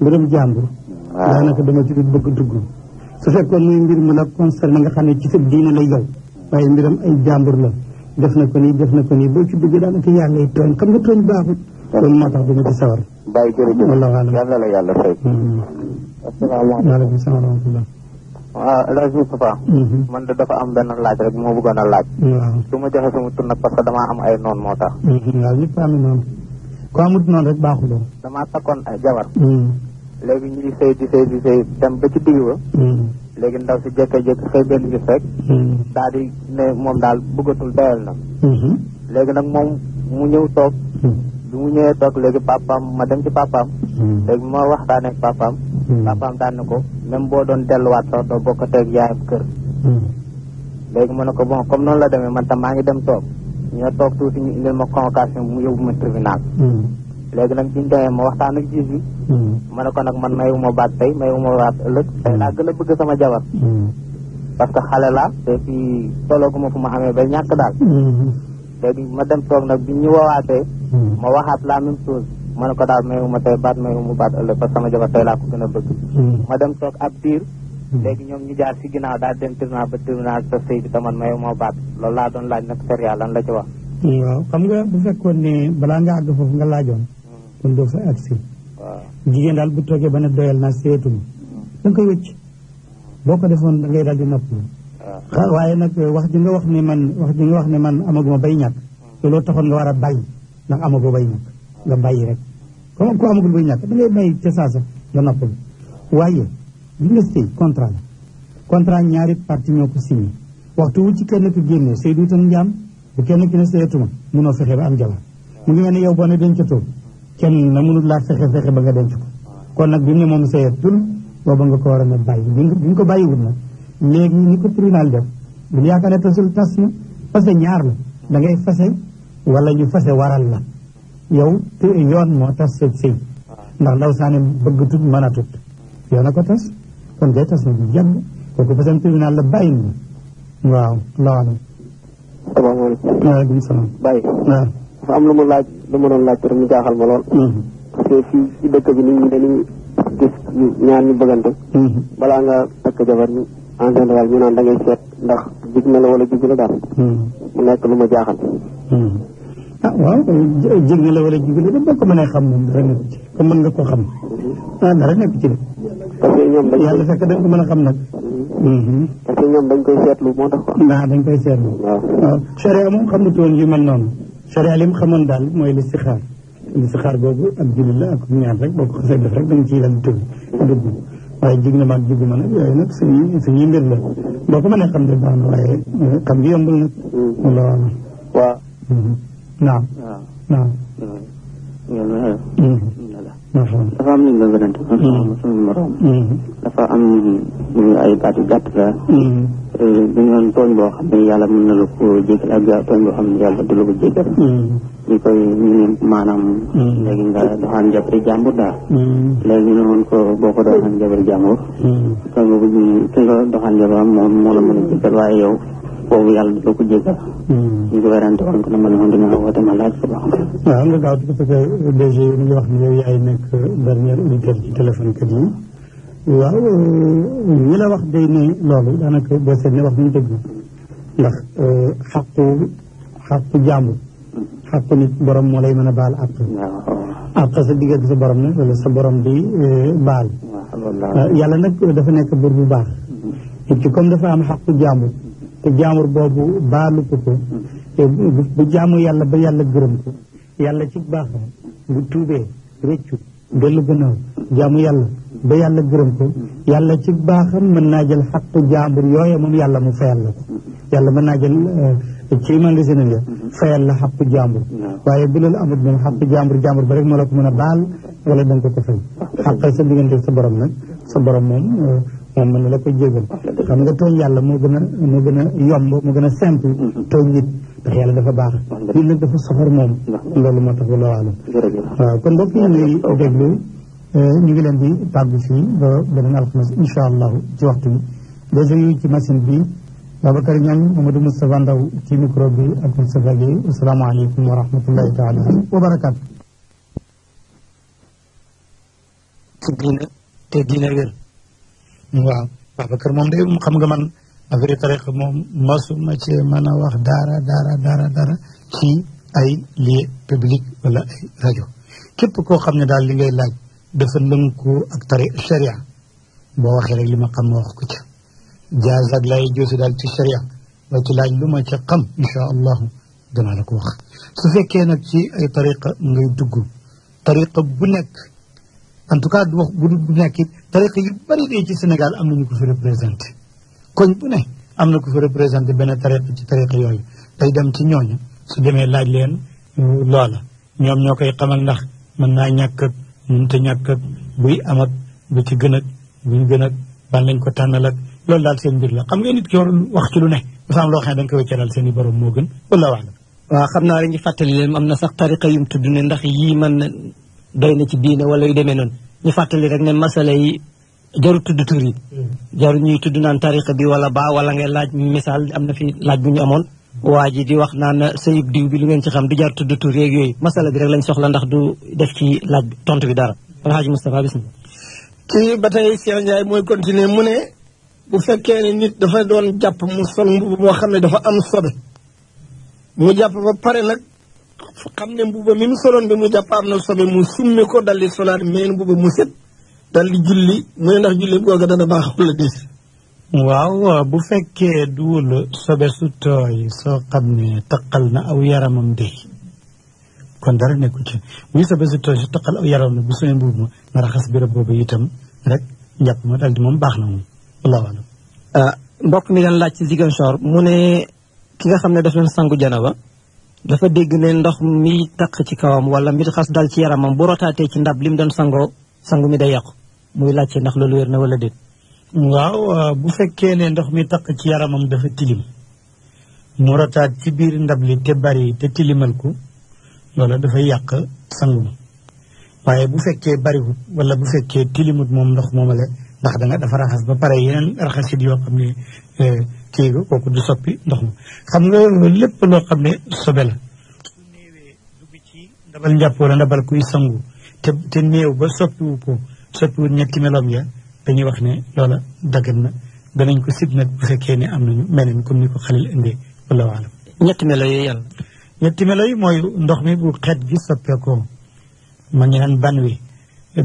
mbirum jàmbur. waaw daanaka dama ci bëgg dugg. su fekkoon muy mbir mu la concerné nga xam ne ci sa diine la yow. waaye mbiram ay jàmbur la def na ko nii def na ko nii boo ci duggee daanaka yaa ngay tooñ xam nga tooñ baaxut. loolu moo tax dama ci sawar. bàyyi jërëjëf yàlla la yàlla fay. asalaamaaleykum waaleykum salaam wa rahmatulah. waaw El Hadj Moustapha mhm. man de dafa am benn laaj rek moo bëggoon a laaj su ma joxe sama tur nag parce que am ay noon moo tax waaw eh, ñëpp am noonu ko amut noonu rek baaxuloo damaa takkoon ay jabar mm. léegi ñuy sëy di sëy di sëy dem ba ci digg ba mm. léegi ndaw si jékki-jékki xëy benn gis rek mm. daal di ne moom daal bëggatul doyal na mm-hmm. léegi nag moom mu ñëw toog bi mu ñëwee toog léegi papaam ma dem ci papaam hmm. léegi ma waxtaanee ak papaam hmm. papaam daan na ko même boo doon delluwaat sax doo bokk teeg yaayam kër hmm. léegi ma ne ko bon comme noonu la demee man tam maa ngi dem toog ñoo toog tuuti ñu indil ma convocation mu yóbbu ma tribunal léegi nag biñu demee ma waxtaan ak juge bi ma ne ko nag man mayu ma baat tey mayu ma baat ëllëg tey laa gën a bëgg sama jabar parce que xale la te fii tolloo gu ma fu ma amee ba ñàkk daal ma waxaat la même chose ma ne ko daal mayuma tey baat mayuma baat ëllëg parce que a jabar laa ko gën a bëgg mm. ma dem toog ab diir mm. léegi ñoom ñu jaar si ginnaaw daal dem a ba tribunal sa sëy bi taman mayuma baat laa doon laaj nag sariya lan la ci wax xam nga bu fekkoon ne balaa nga àgg foofu nga laajoon mm. kon doo fa agsi waaw jigéen daal bu toogee ba ne doyal naa seetuma da nga koy wëcc boo ko defoon da ngay daal di nopp waaye nag eh, wax ji nga wax ne man wax ji nga wax ne man amaguma bay ñàkk looloo taxoon nga war a bay ndax amagoo bay ñàkk nga bàyyi rek comme ku amagul bay ñàkk da ngay may ca saasa nga noppalu waaye li nga sëy contrat la contrat ñaari parti ñoo ko signé waxtu wu ci kenn ku génnee sëy duutam njaam bu kenn ki ne sëyatuma munoo fexe ba am jabar mu ngi mel ne yow boo ne dencatoo kenn na laa ba nga ko kon nag bi mu ne moom sëyatul booba nga ko war a ne bàyyi bi nga ko bàyyiwul nag léegi ni ko tribunal def bul yaakaar ne tasul tas na parce que ñaar la da fase wala ñu fase waral la yow te yoon moo tas sëj sëy ndax ndaw saane bëgg tut mën a tut yoon a ko tas kon kay tas na bu jàgg kooku fasam tribunal am lu ma laaj lu ma doon laaj te mu jaaxal ma lool mhm. parce que fii ci dëkk bi nit ñi dañuy gis ñaan ñu bëggante mhm. balaa nga takk jabar ñu en général naan da ngay seet ndax jig na la wala jig la daal mhm. mu nekk lu ma jaaxal ah waaw jéggi la wala jéggi la boo ko mënee xam koo xam ah dara a xam nag. Mm-hmm. Mm-hmm. parce que dañ koy seetlu moo tax quoi. waaw dañ koy seetlu. waaw waaw charia li mooy listixaar listixaar boobu ak julli la ak ñaan rek boo ko xasee def rek dañ ciy dal dugg dugg waaye jig na maag jig ma nag yooyu nag suñuy suñuy mbir la boo ko mënee xam de baax waaye xam gi yombul nag. Mm-hmm. waaw. naam. waaw ah. hmm. naam. dafa am lu ñu doon gënante. suñu morom. dafa am hmm. ay baat yu gàtt la. Hmm. Eh, dañu doon boo xam ne yàlla mën na la ko jégal ak tooñ boo xam ne yàlla du la ko jégal. koy ñu maanaam. léegi nga doxaan jabari jàmbur daal. léegi ñu woon ko boo ko doxaan jabari jàmbur. tooñ ki nga doxaan jabaram moom moo la mën a jégal waaye yow. boobu yàlla du la ko jéggal. ñu ko werante woon ko ne man moom dinaa mi ngi wax ni yow yaay nekk dernier auditeur ci téléphone kër yi. waaw ñi la wax day ne loolu daanaka boo seet ne wax nañu dëgg ndax xàqu xàqu jàmbur xàqu nit borom moo lay mën a baal ak àq sa diggante sa borom ne wala sa borom di baal yàlla nag dafa nekk buur bu baax nit ki dafa am xàqu jàmbur te jaamur boobu baal ko ko bu jaamu yàlla ba yàlla gërëm ko yàlla ci baaxam bu tuubee rëccu dellu gannaaw jaamu yàlla ba yàlla gërëm ko yàlla ci baaxam mën naa jël xaqu jaambur yooya moom yàlla mu fayal la ko yàlla mën naa jël euh, ci magasin ya fayal la xaqu jaambur waaye bu loolu amut moom xaqu jaambur jaambur ba rek moo la ko mën a baal wala danga ko ko fay xaqal sa diggante borom nag sa borom moom euh, ma mën na la ko jégal xam nga tooñ yàlla moo gën a moo a yomb moo gën a simple tooñ nit ndax yàlla dafa baax nit nag dafa soxor moom loolu moo tax wala waalam waaw kon mbokk yi ñuy déglu eh, ñu di tàggu ba beneen alxames incha allahu ci waxtu bi déjà yu ci machine bi Babacar Niang Mamadou Moustapha Ndaw ci micro bi ak Moustapha Gueye asalaamaaleykum wa rahmatullahi taala wa barakaatu te diina wér واه فكر مام دي خم نغ مان افري طريق موم ماسوم ما شي مانا واخ دارا دارا دارا دارا شي اي لي بوبليك ولا اي راديو كيب كو خم ني دال لي غي لاج دفا لنكو اك طريق الشريعه بو واخي رك لي ما خم واخ كو تي جاز لا يجوس دال تي الشريعه ولكن لاج لو ما تي خم ان شاء الله دنا لك واخ سو فيكي نك شي اي طريق غي دغو طريق بنك en tout cas du wax bu nekk it tariqa yu bëri dee ci Sénégal am nañu ko fi représenté koñ bu ne am na ko fi représenté benn tariqa ci tariqa yooyu day dem ci ñooñu su demee laaj leen loola ñoom ñoo koy xamal ndax mën naa ñàkk ak mënut a ñàkk buy am ak bu ci gën ak buñ gën ak ban lañ ko tànnal ak loolu daal seen mbir la xam nga nit ki wax ci lu ne dafa am loo xam ne da nga koy wëcceelal seen i borom moo gën wala waa la. waaw xam naa rek ñu leen am na sax tariqa doy na ci diine wala yu demee noonu ñu fàttali rek ne masala yi jaru tudd tur yi jaru ñuy tudd naan tariqa bi wala baa wala ngay laaj misaal am na fi laaj bu ñu amoon waa ji di wax naan sayib diw bi lu ngeen ci xam du jar tudd tur yeeg yooyu masala bi rek lañ soxla ndax du def ci laaj bi tontu bi dara kon xaaji Moustapha bismillah kii ba tey Cheikh Ndiaye mooy continuer mu ne bu fekkee ne nit dafa doon jàpp mu sol mbubb moo xam ne dafa am sobe mu jàpp ba pare nag Fokamnen boube mimi solon be mwen japa mnen soube mwen soum meko dal li solan mwen boube mwen sep dal li juli mwen la juli mwen wakadan apak ou la desi. Waw waw, bou feke dou le soube sotoy soukabne tokal na awyara mwen de. Kondare ah, ne kouche. Mwen soube sotoy soukabne tokal awyara mwen mwen soube mwen mwen rakas biro boube yitam. Rek, yap mwen al di mwen bak nan mwen. Allah wane. Mbok mi lan la chizikanshor mwen e kiga kame defen sangou janawa. dafa dégg ne ndox mi taq ci kawam wala mi xas dal ci yaramam bu rotaatee ci ndab li mu doon sangoo sangu mi day yàqu muy laajte ndax loolu wér na wala déet. waaw bu fekkee ne ndox mi takk ci yaramam dafa tilim mu rotaat ci biir ndab li te bari te tilimal ko loola dafay yàq sangu mi waaye bu fekkee bariwut wala bu fekkee tilimut moom ndox moom la ndax danga dafa raxas ba pare yeneen raxasit yoo xam ne. Eh, kii ga kooku du soppi ndox ma xam nga lépp loo xam ne sobe la su néewee dugg ci ndabal njàpp wala ndabal kuy sangu te te néew ba soppiwu ko soppiwu ñetti meloom ya dañuy wax ne loola daggan na danañ ko sib nag bu fekkee ne am nañu meneen comme ni ko xalil indee wallahu ñetti melo yi yàlla ñetti melo yi mooy ndox mi bu xeet gi soppeekoo ma ngi naan ban wi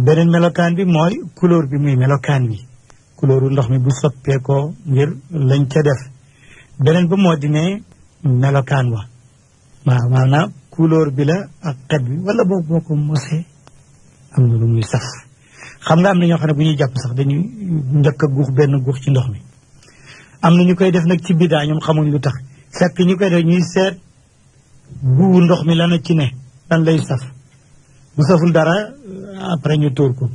beneen melokaan bi mooy couleur bi muy melokaan bi couleur ndox mi bu soppeekoo ngir lañ ca def beneen ba moo di ne melokaan wa waaw maanaa couleur bi la ak xet bi wala boo boo ko mosee am na lu muy saf xam nga am na ñoo xam ne bu ñuy jàpp sax dañuy njëkk a guux benn guux ci ndox mi am na ñu koy def nag ci biddaa ñoom xamuñ lu tax fekk ñu koy def ñuy seet guubu ndox mi lana ci ne lan lay saf bu saful dara après ñu tuur ko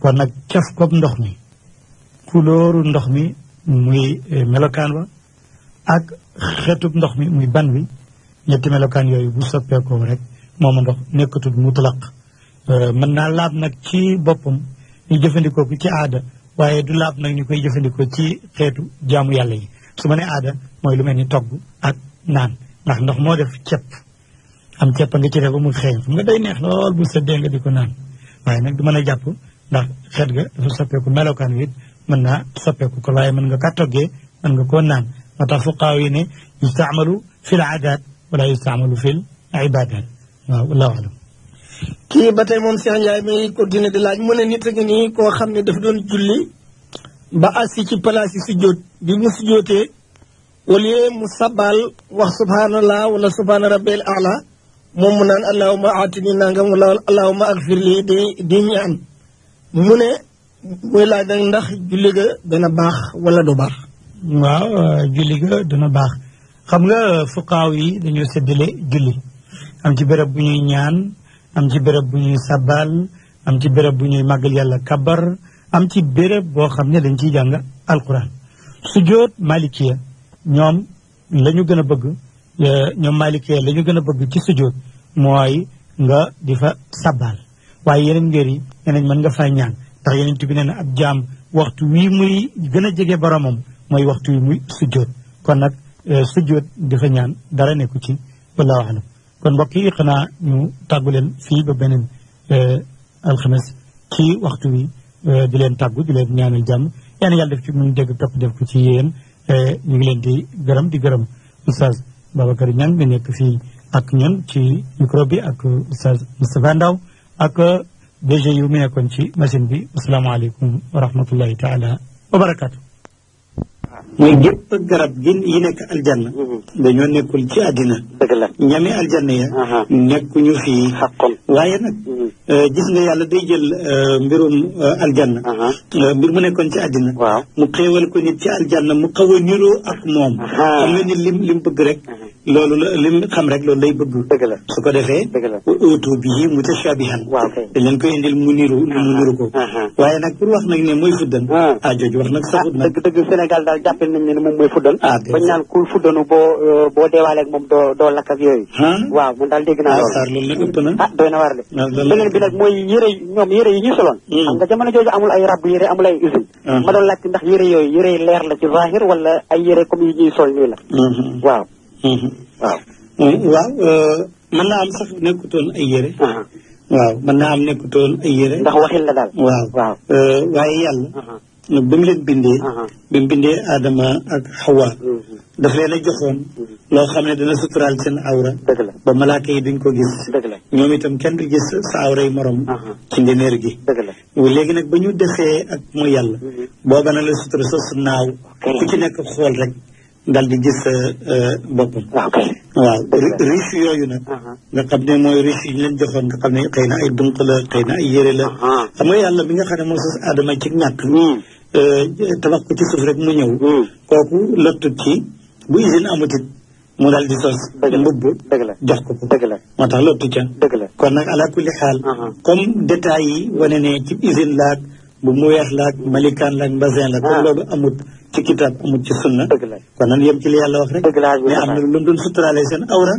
kon nag caf koog ndox mi couleur ndox mi muy eh, melokan ba ak xetuk ndox mi muy ban wi ñetti melokan yoy bu ko rek mom ndox nekkatul mutlaq euh, man na lab nak ci bopum ñu jëfëndiko ko ci aada waye du lab nak ñu koy jëfëndiko ci xeetu jaamu yalla yi su mané aada moy lu melni ni togg ak naan ndax ndox mo def cepp am cepp nga ci def mu xéñ nga day neex lool bu sa dénga diko naan waye nak du mëna japp ndax xet ga dafa ko melokan wi Mena naa soppeeku ko waaye mën nga kaa toggee mën nga koo naan moo tax fuqaaw yi ne yustaamalu wala yustaamalu fi l ibaadaat waaw nah, wallahu alam ki ba mom moom Cheikh Ndiaye mi dina di laaj mu ne nit a ngi ni koo xam ne daf doon julli ba assi ci place yi sujjóot bi mu sujjóotee wala mu sabal subhanallah wala subhana rabbil ala mom mu naan allahuma atini nangam wala allahuma agfir di di ñaan muy laaj nag ndax julli ga dana baax wala du baax. waaw euh, julli ga dana baax xam nga fuqaaw yi dañoo séddale julli am ci bërëb bu ñuy ñaan am ci bërëb bu ñuy sabbal am ci bërëb bu ñuy màggal yàlla kabar am ci bërëb boo xam ne dañ ciy jàng alquran sujjóot malikiya ñoom lañu gën a bëgg euh, ñoom malikiya lañu gën a bëgg ci sujjóot mooy nga di fa sabbal waaye yeneen ngër yi yeneen mën nga fay ñaan. ndax yonent bi nee ab jaam waxtu wii muy gën a jege moom mooy waxtu wi muy sujjoot kon nag eh, sujjoot dafa ñaan dara nekku ci wallahu alam kon mbokk yi xanaa ñu tàggu leen fii ba beneen eh, alxames ci waxtu wi eh, di leen tàggu di leen ñaanal jàmm yaan yàlla def ci mu dégg topp def ko ci yéen ñu ngi leen di gërëm di gërëm oustaz Babacar Niang mi nekk fii ak ñun ci micro bi ak oustaz Moustapha Ndaw ak DG yu mu nekkoon ci machine bi asalaamaaleykum wa rahmatullahi taala wa barakaatu. mais gépp garab gi yi nekk aljanna mhm. dañoo nekkul ci àddina ñami aljanna ya nekkuñu fii waaye nag mhm. euh, gis nga yàlla day euh, mbirum euh, aljanna mbir mu nekkoon ci àddina mu xéewal ko nit ci mu xaw a ak moom xam nga lim lim rek mhm. loolu la lim xam rek loolu lay bëgg. dëgg la su ko defee. dëgg la auto bii mutashabihan. waaw kay dañ leen koy indil mu niru mu ah, niru ko. Ah, ah. waaye nag pour wax nag ne mooy fuddan. ah jooju wax nag saxut nag. dëgg dëgg daal jàppale nañ ne moom mooy fuddan. ah bañ naan fuddanu boo euh, boo deewaale moom doo doo lakk ak yooyu. waaw man daal dégg naa loolu. ah loolu nag ëpp na. ah doy na waar de. beneen bi nag mooy yére ñoom yére yi ñu soloon. Hmm. xam nga jamono jooju amul ay rab yëre amul ay usine. ma doon laajte ndax yére yooyu yére leer la ci zahir wala ay yére comme yi ñuy nii la hmm, hmm. waaw waaw. waaw euh, mën naa am sax nekkutoon ay yére. waaw man naa am nekkutoon ay yére. ndax waxin la daal. waaw waaw. Euh, waaye yàlla. nag ba mu leen bindee. ba mu bindee Adama ak Hawa. Mhm. daf leen a joxoon. Mhm. loo xam ne dana suturaal seen awra. dëgg la ba malaaka yi duñ ko gis. dëgg la ñoom itam kenn du gis sa awra yi morom. ci ndeneer gi. dëgg la léegi nag ba ñu defee ak mooy yàlla. Mhm. booba na la sutura soosu naaw. ku ci nekk xool rek. dal di gis sa euh, euh, boppam. Ah, waaw kay. waaw riche yooyu nag. Uh-huh. nga xam ne mooy riche yi ñu leen joxoon nga xam ne xëy na ay dunq la xëy na ay yére la. Uh-huh. xam nga yàlla bi nga xam ne moo sos aadama ci ñàkk. Hmm. Euh, tabax ko ci suuf rek mu ñëw. Hmm. kooku lottut ci bu usine amutit mu daal di sos. mbubb jox ko ko. dëgg la moo tax lottu ca. dëgg la kon nag ala kulli xaal. Uh-huh. comme détails yi wane ne ci usine laag bu mu weex laag malikaan laag basin la. comme ah. loolu amut. ci kitaab mu ci sunna. dëgg la kon nan yem ci li yàlla wax rek. dëgg la mais am na lu doon suturaale seen awra.